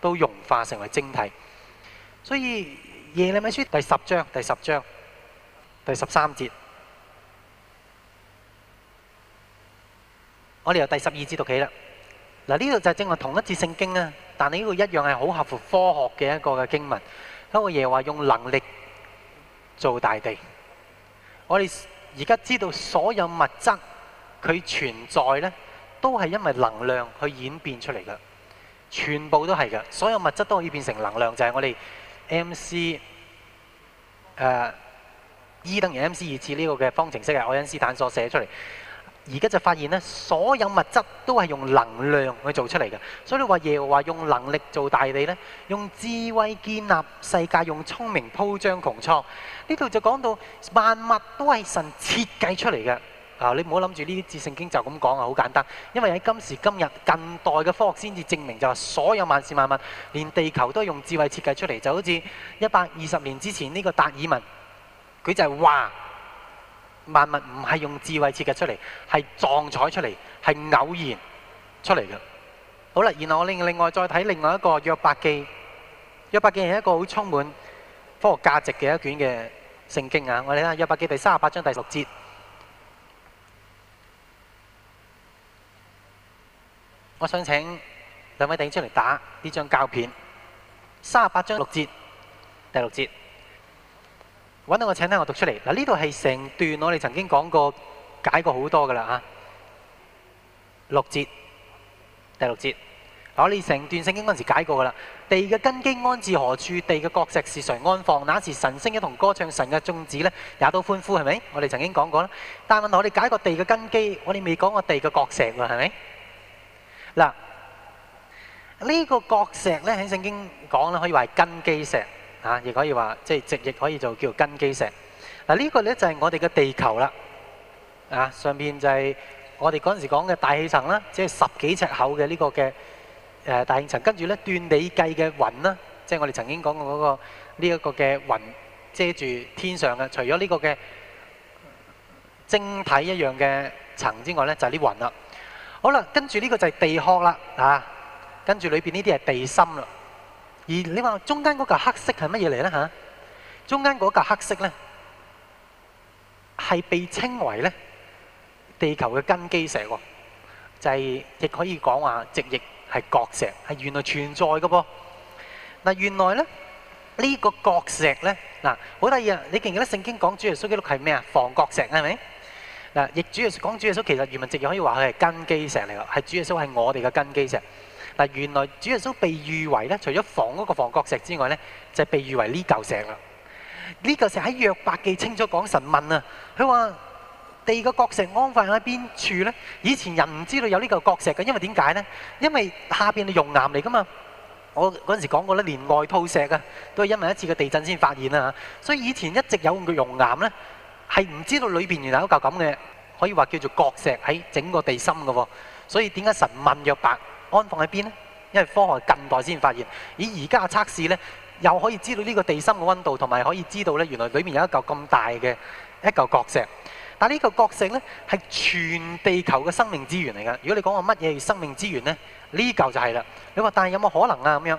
都融化成為晶體。所以耶利米書第十，第十章、第十章、第十三節，我哋由第十二節讀起啦。嗱，呢度就係正話同一節聖經啊，但係呢個一樣係好合乎科學嘅一個嘅經文，香為耶話用能力做大地。我哋而家知道所有物質佢存在呢，都係因為能量去演變出嚟㗎，全部都係㗎。所有物質都可以變成能量，就係、是、我哋 MC、呃、E 等於 MC 二次呢個嘅方程式，係愛因斯坦所寫出嚟。而家就發現咧，所有物質都係用能量去做出嚟嘅，所以你話耶和華用能力造大地咧，用智慧建立世界，用聰明鋪張穹蒼，呢度就講到萬物都係神設計出嚟嘅。啊，你唔好諗住呢啲字聖經就咁講啊，好簡單，因為喺今時今日近代嘅科學先至證明就話所有萬事萬物，連地球都係用智慧設計出嚟，就好似一百二十年之前呢個達爾文，佢就係、是、話。哇萬物唔係用智慧設計出嚟，係撞彩出嚟，係偶然出嚟嘅。好啦，然後我另另外再睇另外一個約伯記。約伯記係一個好充滿科學價值嘅一卷嘅聖經啊！我哋睇下約伯記第三十八章第六節。我想請兩位弟兄出嚟打呢張膠片。三十八章六節，第六節。搵到我請聽，我讀出嚟嗱。呢度係成段，我哋曾經講過解過好多㗎喇嚇。六節第六節，我哋成段聖經嗰陣時解過㗎喇。地嘅根基安置何處？地嘅角石是誰安放？那時晨星一同歌唱，神嘅眾子呢，也都歡呼，係咪？我哋曾經講過啦。但係問題，我哋解過地嘅根基，我哋未講過地嘅角石㗎，係咪？嗱，呢個角石呢，喺聖經講咧，可以話係根基石。啊，亦可以話即係直亦可以做叫做根基石。嗱，呢個咧就係我哋嘅地球啦。啊，上邊就係我哋嗰陣時講嘅大氣層啦，即係十幾尺厚嘅呢個嘅誒大氣層，跟住咧斷地計嘅雲啦，即係我哋曾經講過嗰個呢一個嘅雲遮住天上嘅，除咗呢個嘅晶體一樣嘅層之外咧，就係啲雲啦。好啦，跟住呢個就係地殼啦。啊，跟住裏邊呢啲係地心啦。而你話中間嗰嚿黑色係乜嘢嚟咧嚇？中間嗰嚿黑色咧係被稱為咧地球嘅根基石喎，就係、是、亦可以講話直譯係角石，係原來存在嘅噃。嗱、啊、原來咧呢、這個角石咧嗱好得意啊！你記唔記得聖經講主耶穌基督係咩啊？房角石係咪？嗱，亦主要講主耶穌其實原文直譯可以話佢係根基石嚟㗎，係主耶穌係我哋嘅根基石。是但原來主耶穌被譽為咧，除咗房嗰個房角石之外咧，就係被譽為呢嚿石啦。呢嚿石喺約伯記清楚講神問啊，佢話地嘅角石安放喺邊處咧？以前人唔知道有呢嚿角石嘅，因為點解咧？因為下邊係熔岩嚟噶嘛。我嗰陣時講過咧，連外套石啊，都係因為一次嘅地震先發現啦嚇。所以以前一直有熔岩咧，係唔知道裏邊原來有一嚿咁嘅，可以話叫做角石喺整個地心嘅喎。所以點解神問約伯？安放喺邊呢？因為科學近代先發現，以而家嘅測試呢，又可以知道呢個地心嘅溫度，同埋可以知道呢原來裏面有一嚿咁大嘅一嚿角石。但係呢嚿角石呢，係全地球嘅生命資源嚟噶。如果你講話乜嘢生命資源呢？呢嚿就係啦。你話但係有冇可能啊咁樣？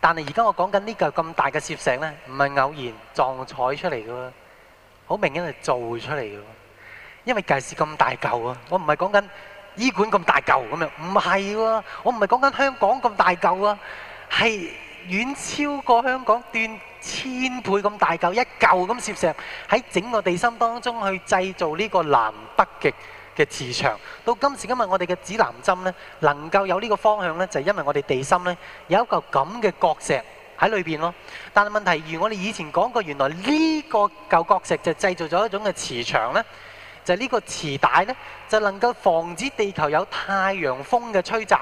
但係而家我講緊呢嚿咁大嘅攝石咧，唔係偶然撞彩出嚟嘅喎，好明顯係做出嚟嘅喎。因為介石咁大嚿啊，我唔係講緊醫館咁大嚿咁樣，唔係喎，我唔係講緊香港咁大嚿啊，係遠超過香港段千倍咁大嚿，一嚿咁攝石喺整個地心當中去製造呢個南北極。嘅磁場，到今時今日，我哋嘅指南針呢，能夠有呢個方向呢，就係、是、因為我哋地心呢有一嚿咁嘅角石喺裏邊咯。但係問題是，如我哋以前講過，原來呢個嚿角石就製造咗一種嘅磁場呢，就係、是、呢個磁帶呢，就能夠防止地球有太陽風嘅吹襲。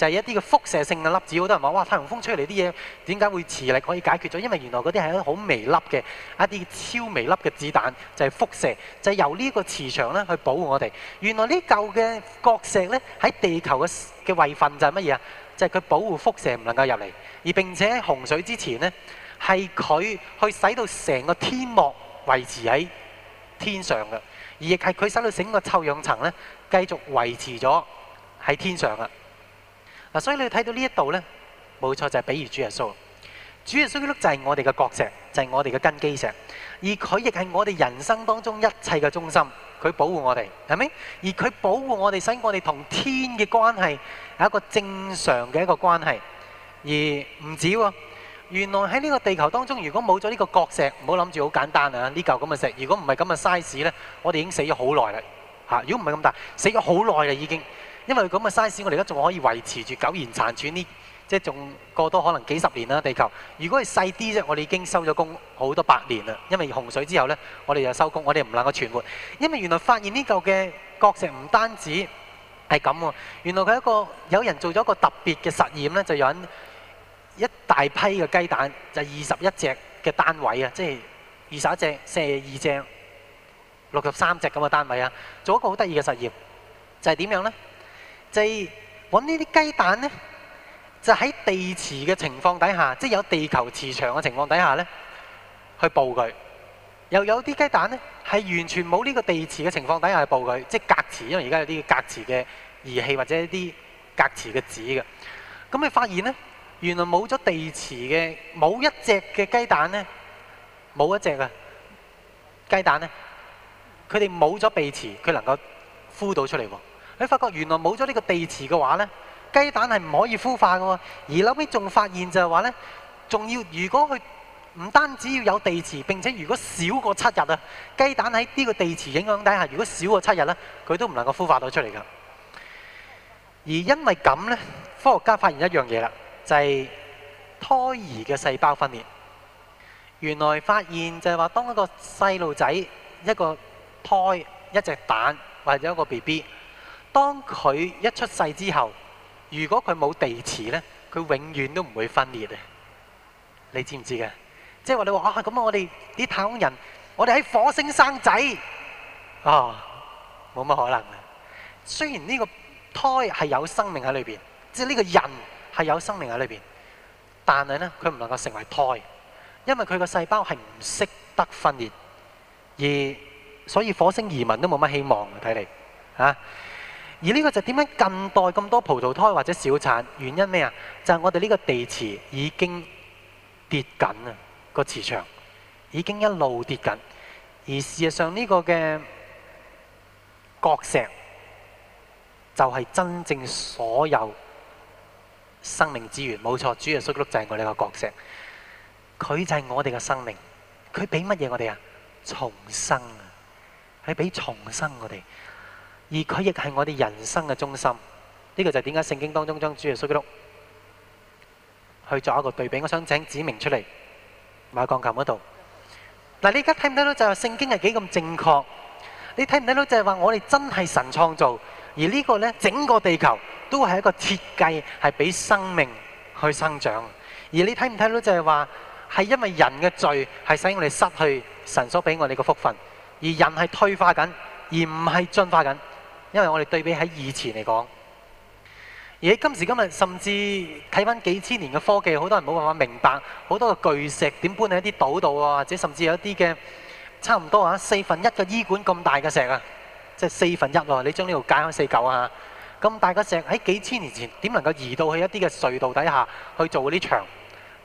就係一啲嘅輻射性嘅粒子，好多人話：哇！太陽風吹嚟啲嘢，點解會磁力可以解決咗？因為原來嗰啲係一啲好微粒嘅一啲超微粒嘅子彈，就係輻射，就係由呢個磁場咧去保護我哋。原來呢舊嘅角石咧，喺地球嘅嘅位份就係乜嘢啊？就係佢保護輻射唔能夠入嚟，而並且洪水之前咧，係佢去使到成個天幕維持喺天上嘅，而亦係佢使到整個臭氧層咧繼續維持咗喺天上啊！嗱，所以你睇到呢一度咧，冇錯就係比如主耶穌，主耶穌基督就係我哋嘅角石，就係我哋嘅根基石，而佢亦係我哋人生當中一切嘅中心，佢保護我哋，係咪？而佢保護我哋，使我哋同天嘅關係係一個正常嘅一個關係，而唔止喎。原來喺呢個地球當中，如果冇咗呢個角石，唔好諗住好簡單啊！呢嚿咁嘅石，如果唔係咁嘅 size 咧，我哋已經死咗好耐啦。嚇，如果唔係咁大，死咗好耐啦已經。因為咁嘅 size，我哋而家仲可以維持住苟延殘喘呢，即係仲過多可能幾十年啦，地球。如果係細啲啫，我哋已經收咗工好多百年啦。因為洪水之後呢，我哋又收工，我哋唔能夠存活。因為原來發現呢嚿嘅鑊石唔單止係咁喎，原來佢一個有人做咗一個特別嘅實驗呢，就有一大批嘅雞蛋，就二十一隻嘅單位啊，即係二十一隻、四十二隻、六十三隻咁嘅單位啊，做一個好得意嘅實驗，就係點樣呢？就係揾呢啲雞蛋呢，就喺地磁嘅情況底下，即係有地球磁場嘅情況底下呢，去報佢。又有啲雞蛋呢，係完全冇呢個地磁嘅情況底下去報佢，即係隔磁，因為而家有啲隔磁嘅儀器或者一啲隔磁嘅紙嘅。咁你發現呢，原來冇咗地磁嘅冇一隻嘅雞蛋呢，冇一隻嘅啊，雞蛋呢，佢哋冇咗地磁，佢能夠孵到出嚟喎。佢發覺原來冇咗呢個地磁嘅話呢，雞蛋係唔可以孵化嘅。而後尾仲發現就係話，呢仲要如果佢唔單止要有地磁，並且如果少過七日啦，雞蛋喺呢個地磁影響底下，如果少過七日呢，佢都唔能夠孵化到出嚟㗎。而因為咁呢，科學家發現一樣嘢啦，就係、是、胎兒嘅細胞分裂。原來發現就係話，當一個細路仔、一個胎、一隻蛋或者一個 BB。當佢一出世之後，如果佢冇地磁呢，佢永遠都唔會分裂啊！你知唔知嘅？即係話你話啊，咁我哋啲太空人，我哋喺火星生仔啊，冇、哦、乜可能啊！雖然呢個胎係有生命喺裏邊，即係呢個人係有生命喺裏邊，但係呢，佢唔能夠成為胎，因為佢個細胞係唔識得分裂，而所以火星移民都冇乜希望啊！睇嚟啊！而呢個就點解近代咁多葡萄胎或者小產？原因咩啊？就係、是、我哋呢個地磁已經跌緊啊！個磁場已經一路跌緊。而事實上呢個嘅角石就係真正所有生命資源，冇錯，主要耶穌就係我哋個角石，佢就係我哋嘅生命。佢俾乜嘢我哋啊？重生啊！佢俾重生我哋。而佢亦係我哋人生嘅中心，呢個就係點解聖經當中將主耶穌基督去作一個對比。我想請指明出嚟買鋼琴嗰度。嗱，你而家睇唔睇到就係聖經係幾咁正確？你睇唔睇到就係話我哋真係神創造，而呢個呢整個地球都係一個設計，係俾生命去生長。而你睇唔睇到就係話，係因為人嘅罪係使我哋失去神所俾我哋嘅福分，而人係退化緊，而唔係進化緊。因為我哋對比喺以前嚟講，而喺今時今日，甚至睇翻幾千年嘅科技，好多人冇辦法明白好多嘅巨石點搬喺一啲島度啊，或者甚至有一啲嘅差唔多啊四分一嘅醫館咁大嘅石啊，即係四分一喎，你將呢度解開四九啊，咁大嘅石喺幾千年前點能夠移到去一啲嘅隧道底下去做嗰啲牆？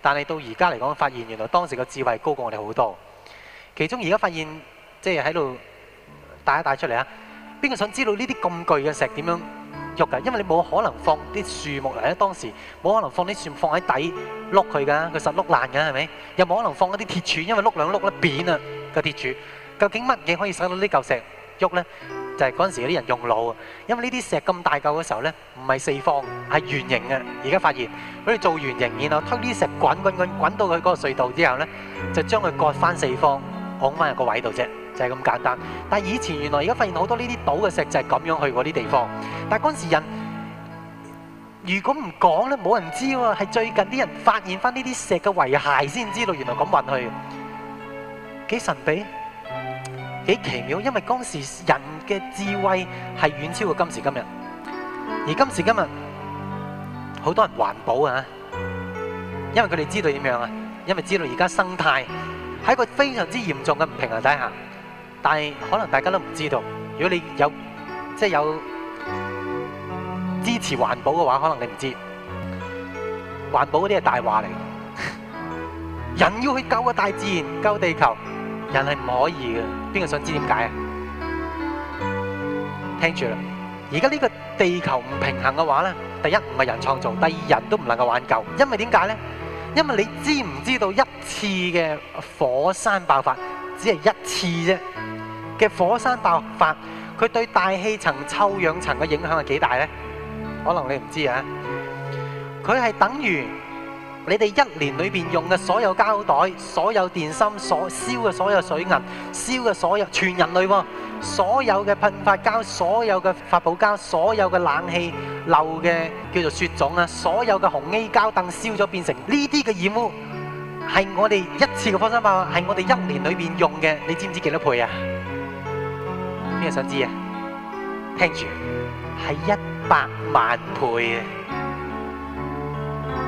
但係到而家嚟講，發現原來當時嘅智慧高過我哋好多。其中而家發現，即係喺度帶一帶出嚟啊！邊個想知道呢啲咁巨嘅石點樣喐㗎？因為你冇可能放啲樹木嚟，當時冇可能放啲樹木放喺底碌佢㗎，佢實碌爛㗎，係咪？又冇可能放一啲鐵柱，因為碌兩碌咧扁啦個鐵柱。究竟乜嘢可以使到呢嚿石喐咧？就係嗰陣時有啲人用腦啊。因為呢啲石咁大嚿嘅時候咧，唔係四方，係圓形嘅。而家發現，佢哋做圓形，然後推啲石滾滾滾滾到去嗰個隧道之後咧，就將佢割翻四方，放翻入個位度啫。就係咁簡單。但係以前原來而家發現好多呢啲島嘅石就係咁樣去過啲地方。但係當時人如果唔講咧，冇人知喎。係最近啲人發現返呢啲石嘅遺骸先知道原來咁運去，幾神秘幾奇妙。因為當時人嘅智慧係遠超過今時今日。而今時今日好多人環保啊，因為佢哋知道點樣啊，因為知道而家生態喺一個非常之嚴重嘅唔平衡底下。但係可能大家都唔知道，如果你有即係有支持環保嘅話，可能你唔知環保嗰啲係大話嚟。人要去救個大自然、救地球，人係唔可以嘅。邊個想知點解啊？聽住啦，而家呢個地球唔平衡嘅話咧，第一唔係人創造，第二人都唔能夠挽救，因為點解咧？因為你知唔知道一次嘅火山爆發？只係一次啫嘅火山大爆發，佢對大氣層、臭氧層嘅影響係幾大呢？可能你唔知啊。佢係等於你哋一年裏邊用嘅所有膠袋、所有電芯、所燒嘅所有水銀、燒嘅所有全人類喎，所有嘅噴發膠、所有嘅發泡膠、所有嘅冷氣漏嘅叫做雪種啊，所有嘅紅 A 膠凳燒咗變成呢啲嘅染污。係我哋一次嘅放心包，係我哋一年裏面用嘅。你知唔知幾多倍啊？咩想知啊？聽住，係一百萬倍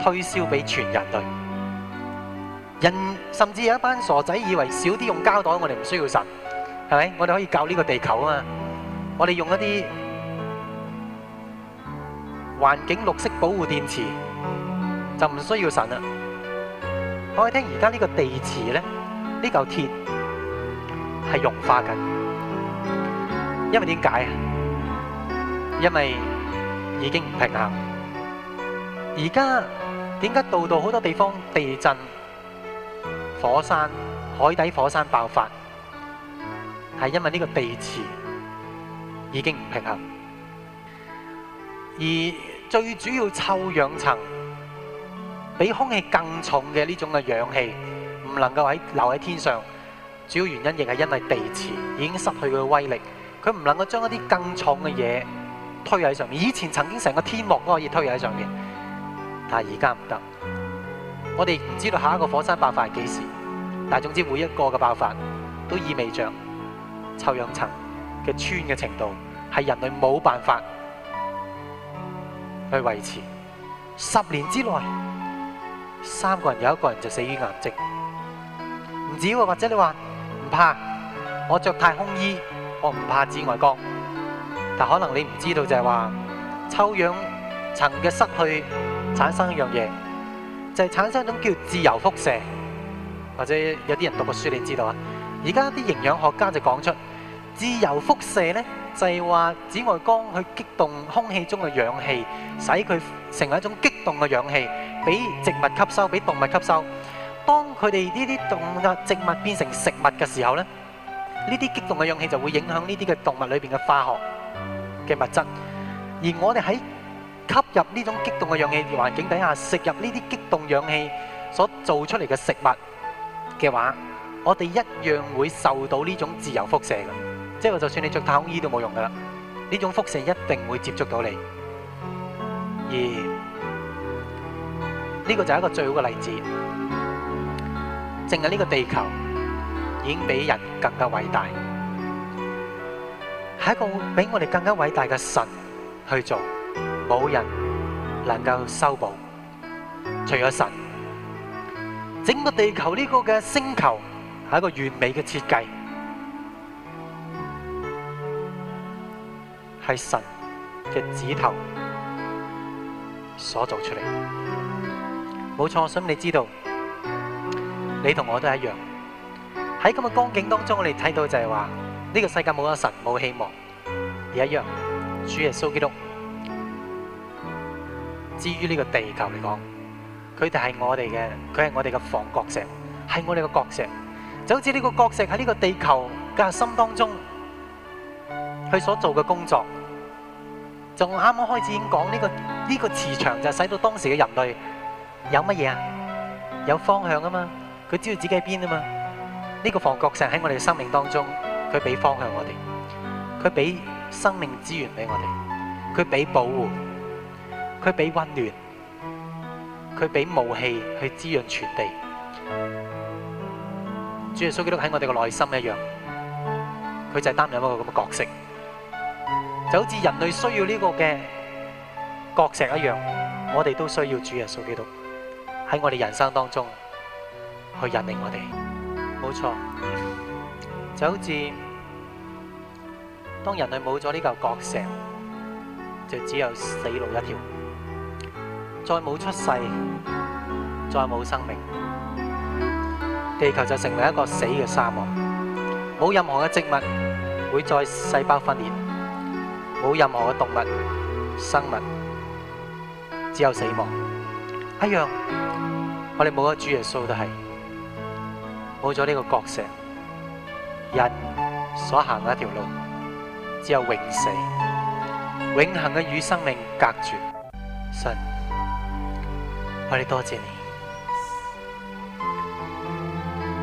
推銷畀全人類人，人甚至有一班傻仔以為少啲用膠袋，我哋唔需要神，係咪？我哋可以救呢個地球啊嘛，我哋用一啲環境綠色保護電池，就唔需要神啦。我哋聽而家呢個地磁呢，呢嚿鐵係融化緊，因為點解？因為已經唔平衡。而家點解度度好多地方地震、火山、海底火山爆發？係因為呢個地磁已經唔平衡。而最主要臭氧層比空氣更重嘅呢種嘅氧氣，唔能夠喺留喺天上。主要原因亦係因為地磁已經失去佢嘅威力，佢唔能夠將一啲更重嘅嘢推喺上面。以前曾經成個天幕都可以推喺上面。但而家唔得，我哋唔知道下一個火山爆發係幾時，但係總之每一個嘅爆發都意味着臭氧層嘅穿嘅程度係人類冇辦法去維持。十年之內，三個人有一個人就死於癌症。唔止，或者你話唔怕，我着太空衣，我唔怕紫外光。但可能你唔知道就係話臭氧層嘅失去。產生一樣嘢，就係產生一種叫自由輻射，或者有啲人讀過書你知道啊。而家啲營養學家就講出自由輻射呢，就係話紫外光去激動空氣中嘅氧氣，使佢成為一種激動嘅氧氣，俾植物吸收，俾動物吸收。當佢哋呢啲動物植物變成食物嘅時候呢，呢啲激動嘅氧氣就會影響呢啲嘅動物裏邊嘅化學嘅物質，而我哋喺吸入呢種激動嘅氧氣環境底下，食入呢啲激動氧氣所做出嚟嘅食物嘅話，我哋一樣會受到呢種自由輻射嘅。即係話，就算你着太空衣都冇用噶啦，呢種輻射一定會接觸到你。而呢個就係一個最好嘅例子，淨係呢個地球已經比人更加偉大，係一個比我哋更加偉大嘅神去做。冇人能夠修補，除咗神，整個地球呢個嘅星球係一個完美嘅設計，係神嘅指頭所做出嚟。冇錯，所以你知道，你同我都係一樣。喺咁嘅光景當中，我哋睇到就係話呢個世界冇咗神，冇希望，而一樣，主耶穌基督。至於呢個地球嚟講，佢哋係我哋嘅，佢係我哋嘅防角石，係我哋嘅角石。就好似呢個角石喺呢個地球嘅核心當中，佢所做嘅工作，就啱啱開始已經講呢個呢個磁場就使到當時嘅人類有乜嘢啊？有方向啊嘛，佢知道自己喺邊啊嘛。呢個防角石喺我哋嘅生命當中，佢俾方向我哋，佢俾生命資源俾我哋，佢俾保護。佢俾溫暖，佢俾霧氣去滋潤全地。主耶穌基督喺我哋個內心一樣，佢就係擔任一個咁嘅角色，就好似人類需要呢個嘅角石一樣，我哋都需要主耶穌基督喺我哋人生當中去引領我哋。冇錯，就好似當人類冇咗呢嚿角石，就只有死路一條。再冇出世，再冇生命，地球就成為一個死嘅沙漠，冇任何嘅植物會再細胞分裂，冇任何嘅動物、生物，只有死亡。一樣，我哋冇咗主耶穌，就係冇咗呢個角石，人所行一條路，只有永死，永恆嘅與生命隔絕。神。我哋多謝你。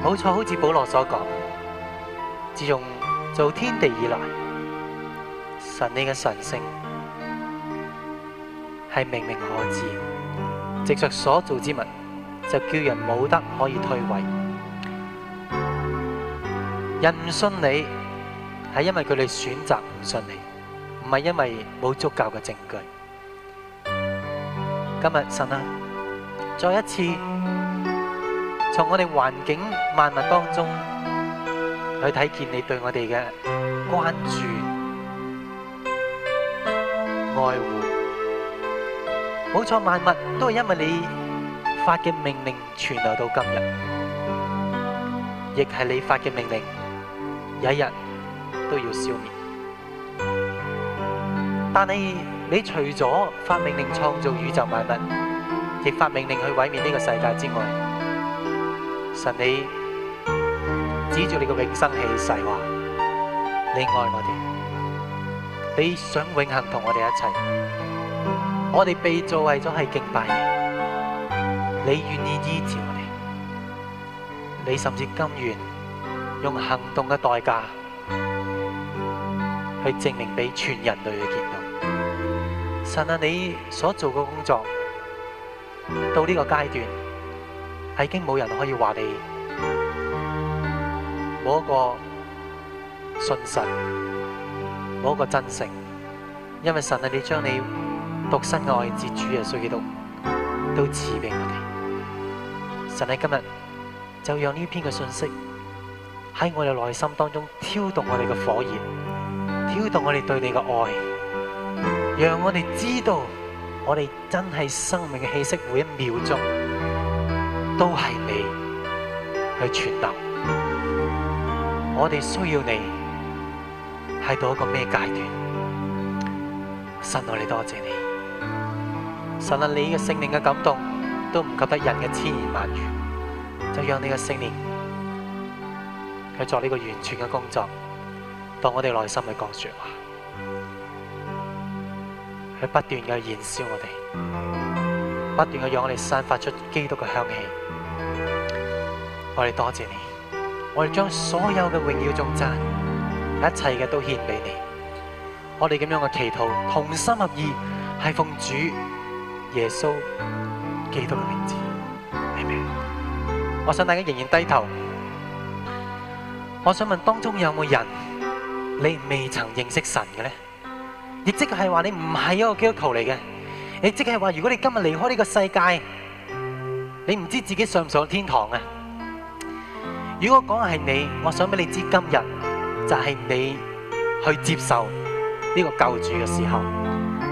冇錯，好似保羅所講，自從造天地以來，神你嘅神性係明明可知，藉着所造之物就叫人冇得可以推諉。人唔信你，係因為佢哋選擇唔信你，唔係因為冇足夠嘅證據。今日神啊！再一次，從我哋環境萬物當中去睇見你對我哋嘅關注、愛護。冇錯，萬物都係因為你發嘅命令存留到今日，亦係你發嘅命令，有一日都要消滅。但係，你除咗發命令創造宇宙萬物。亦發命令去毀滅呢個世界之外，神你指住你嘅永生起誓話，你愛我哋，你想永恒同我哋一齊，我哋被作為咗係敬拜你，你願意醫治我哋，你甚至甘願用行動嘅代價去證明俾全人類去見到，神啊，你所做嘅工作。到呢個階段，係已經冇人可以話你冇一個信實，冇一個真誠，因為神係，你將你獨身嘅愛子主耶穌基督都賜俾我哋。神喺今日就讓呢篇嘅信息喺我哋內心當中挑動我哋嘅火焰，挑動我哋對你嘅愛，讓我哋知道。我哋真係生命嘅氣息，每一秒鐘都係你去傳達。我哋需要你，喺到一個咩階段？神愛你，多謝你。神啊，你嘅聖靈嘅感動都唔及得人嘅千言萬語，就讓你嘅聖靈去做呢個完全嘅工作，當我哋內心去講說話。去不斷嘅燃燒我哋，不斷嘅讓我哋散發出基督嘅香氣。我哋多謝你，我哋將所有嘅榮耀頌讚，一切嘅都獻俾你。我哋咁樣嘅祈禱，同心合意，係奉主耶穌基督嘅名字，阿門。我想大家仍然低頭。我想問當中有冇人，你未曾認識神嘅咧？亦即係話你唔係一個基督徒嚟嘅，亦即係話如果你今日離開呢個世界，你唔知自己上唔上天堂啊！如果講嘅係你，我想俾你知，今日就係你去接受呢個救主嘅時候，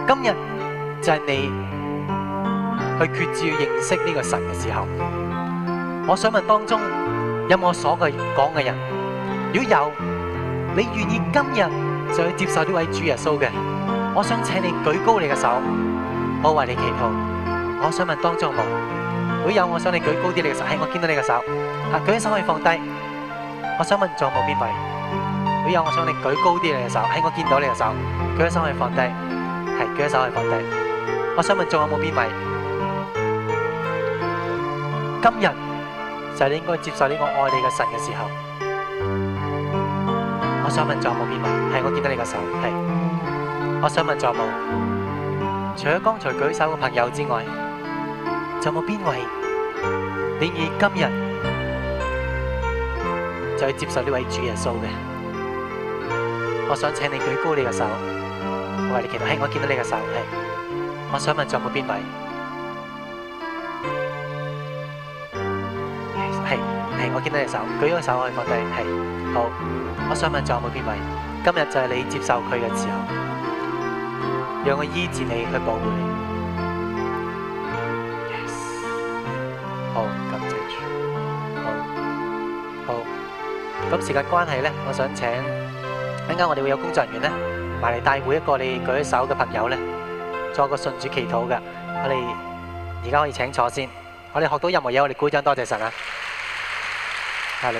今日就係你去決志去認識呢個神嘅時候。我想問當中有冇我所講嘅人？如果有，你願意今日？就去接受呢位主耶穌嘅，我想請你舉高你嘅手，我為你祈禱。我想問當中有冇，有，如果有我想你舉高啲你嘅手，喺我見到你嘅手，啊，舉起手可以放低。我想問仲有冇邊位，如果有我想你舉高啲你嘅手，喺我見到你嘅手，舉起手可以放低，係舉起手可以放低。放，我想問仲有冇邊位，今日就係你應該接受呢個愛你嘅神嘅時候。我想問仲有冇邊位，係我見到你個手係。我想問仲有冇，除咗剛才舉手個朋友之外，仲有冇邊位願意今日就要接受呢位主耶穌嘅？我想請你舉高你個手，我話你其他，係我見到你個手係。我想問仲有冇邊位，係係我見到你手，舉個手可以放低係，好。我想問仲有冇邊位？今日就係你接受佢嘅時候，讓佢醫治你，去保護你。Yes。好，感謝主。好，好。咁時間關係咧，我想請，一陣間我哋會有工作人員咧，埋嚟帶每一個你舉手嘅朋友咧，做一個信主祈禱嘅。我哋而家可以請坐先。我哋學到任何嘢，我哋鼓掌，多謝神啊！多謝你。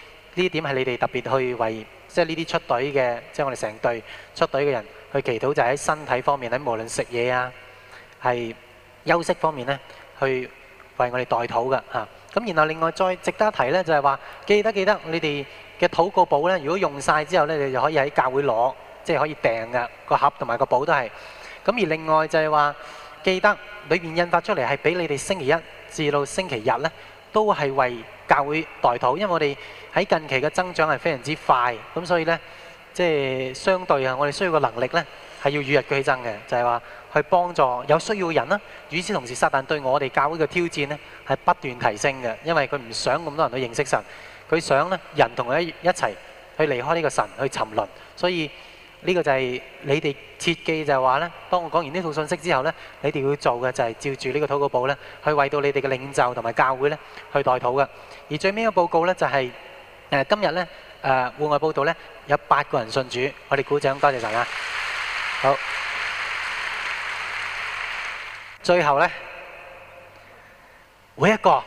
呢一點係你哋特別去為，即係呢啲出隊嘅，即係我哋成隊出隊嘅人去祈禱，就喺身體方面，喺無論食嘢啊，係休息方面咧，去為我哋代禱㗎吓。咁然後另外再值得一提咧，就係話記得記得你哋嘅禱告簿咧，如果用晒之後咧，你就可以喺教會攞，即係可以訂㗎個盒同埋個簿都係。咁而另外就係話記得裏邊印發出嚟係俾你哋星期一至到星期日咧，都係為。教會代禱，因為我哋喺近期嘅增長係非常之快，咁所以咧，即係相對啊，我哋需要嘅能力咧係要與日俱增嘅，就係話去幫助有需要嘅人啦。與此同時，撒但對我哋教會嘅挑戰咧係不斷提升嘅，因為佢唔想咁多人去認識神，佢想咧人同佢一一齊去離開呢個神去沉淪，所以。呢個就係你哋切記就係話咧，當我講完呢套信息之後咧，你哋要做嘅就係照住呢個禱告簿咧，去為到你哋嘅領袖同埋教會咧，去代禱嘅。而最尾嘅報告咧就係誒今日咧誒戶外報道咧有八個人信主，我哋鼓掌，多謝大家！好，最後咧每一個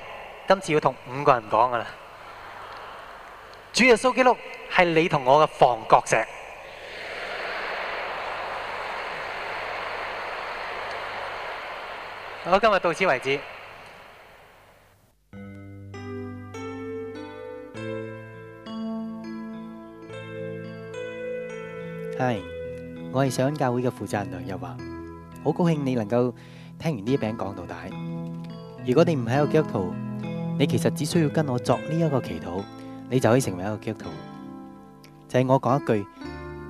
今次要同五個人講噶啦，主耶穌基督係你同我嘅房角石。好，今日到此為止。係，我係上教會嘅負責人梁日華好高興你能夠聽完呢一餅講到大。如果你唔係一個基督徒，你其實只需要跟我作呢一個祈禱，你就可以成為一個基督徒。就係我講一句，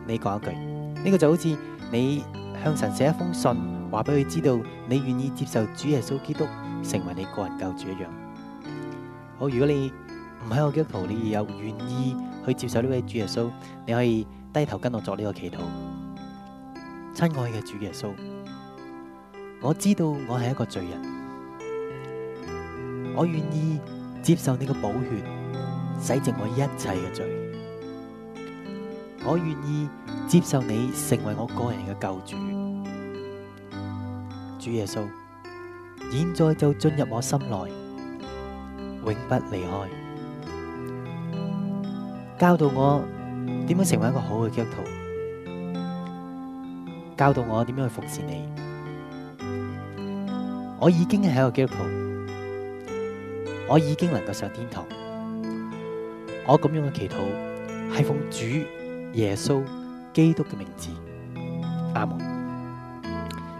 你講一句，呢個就好似你向神寫一封信。話俾佢知道，你願意接受主耶穌基督成為你個人救主一樣。好，如果你唔喺我基督徒，你亦有願意去接受呢位主耶穌，你可以低頭跟我作呢個祈禱。親愛嘅主耶穌，我知道我係一個罪人，我願意接受你嘅寶血洗淨我一切嘅罪，我願意接受你成為我個人嘅救主。主耶穌，現在就進入我心內，永不離開。教導我點樣成為一個好嘅基督徒，教導我點樣去服侍你。我已經係一個基督徒，我已經能夠上天堂。我咁樣嘅祈禱，係奉主耶穌基督嘅名字，阿門。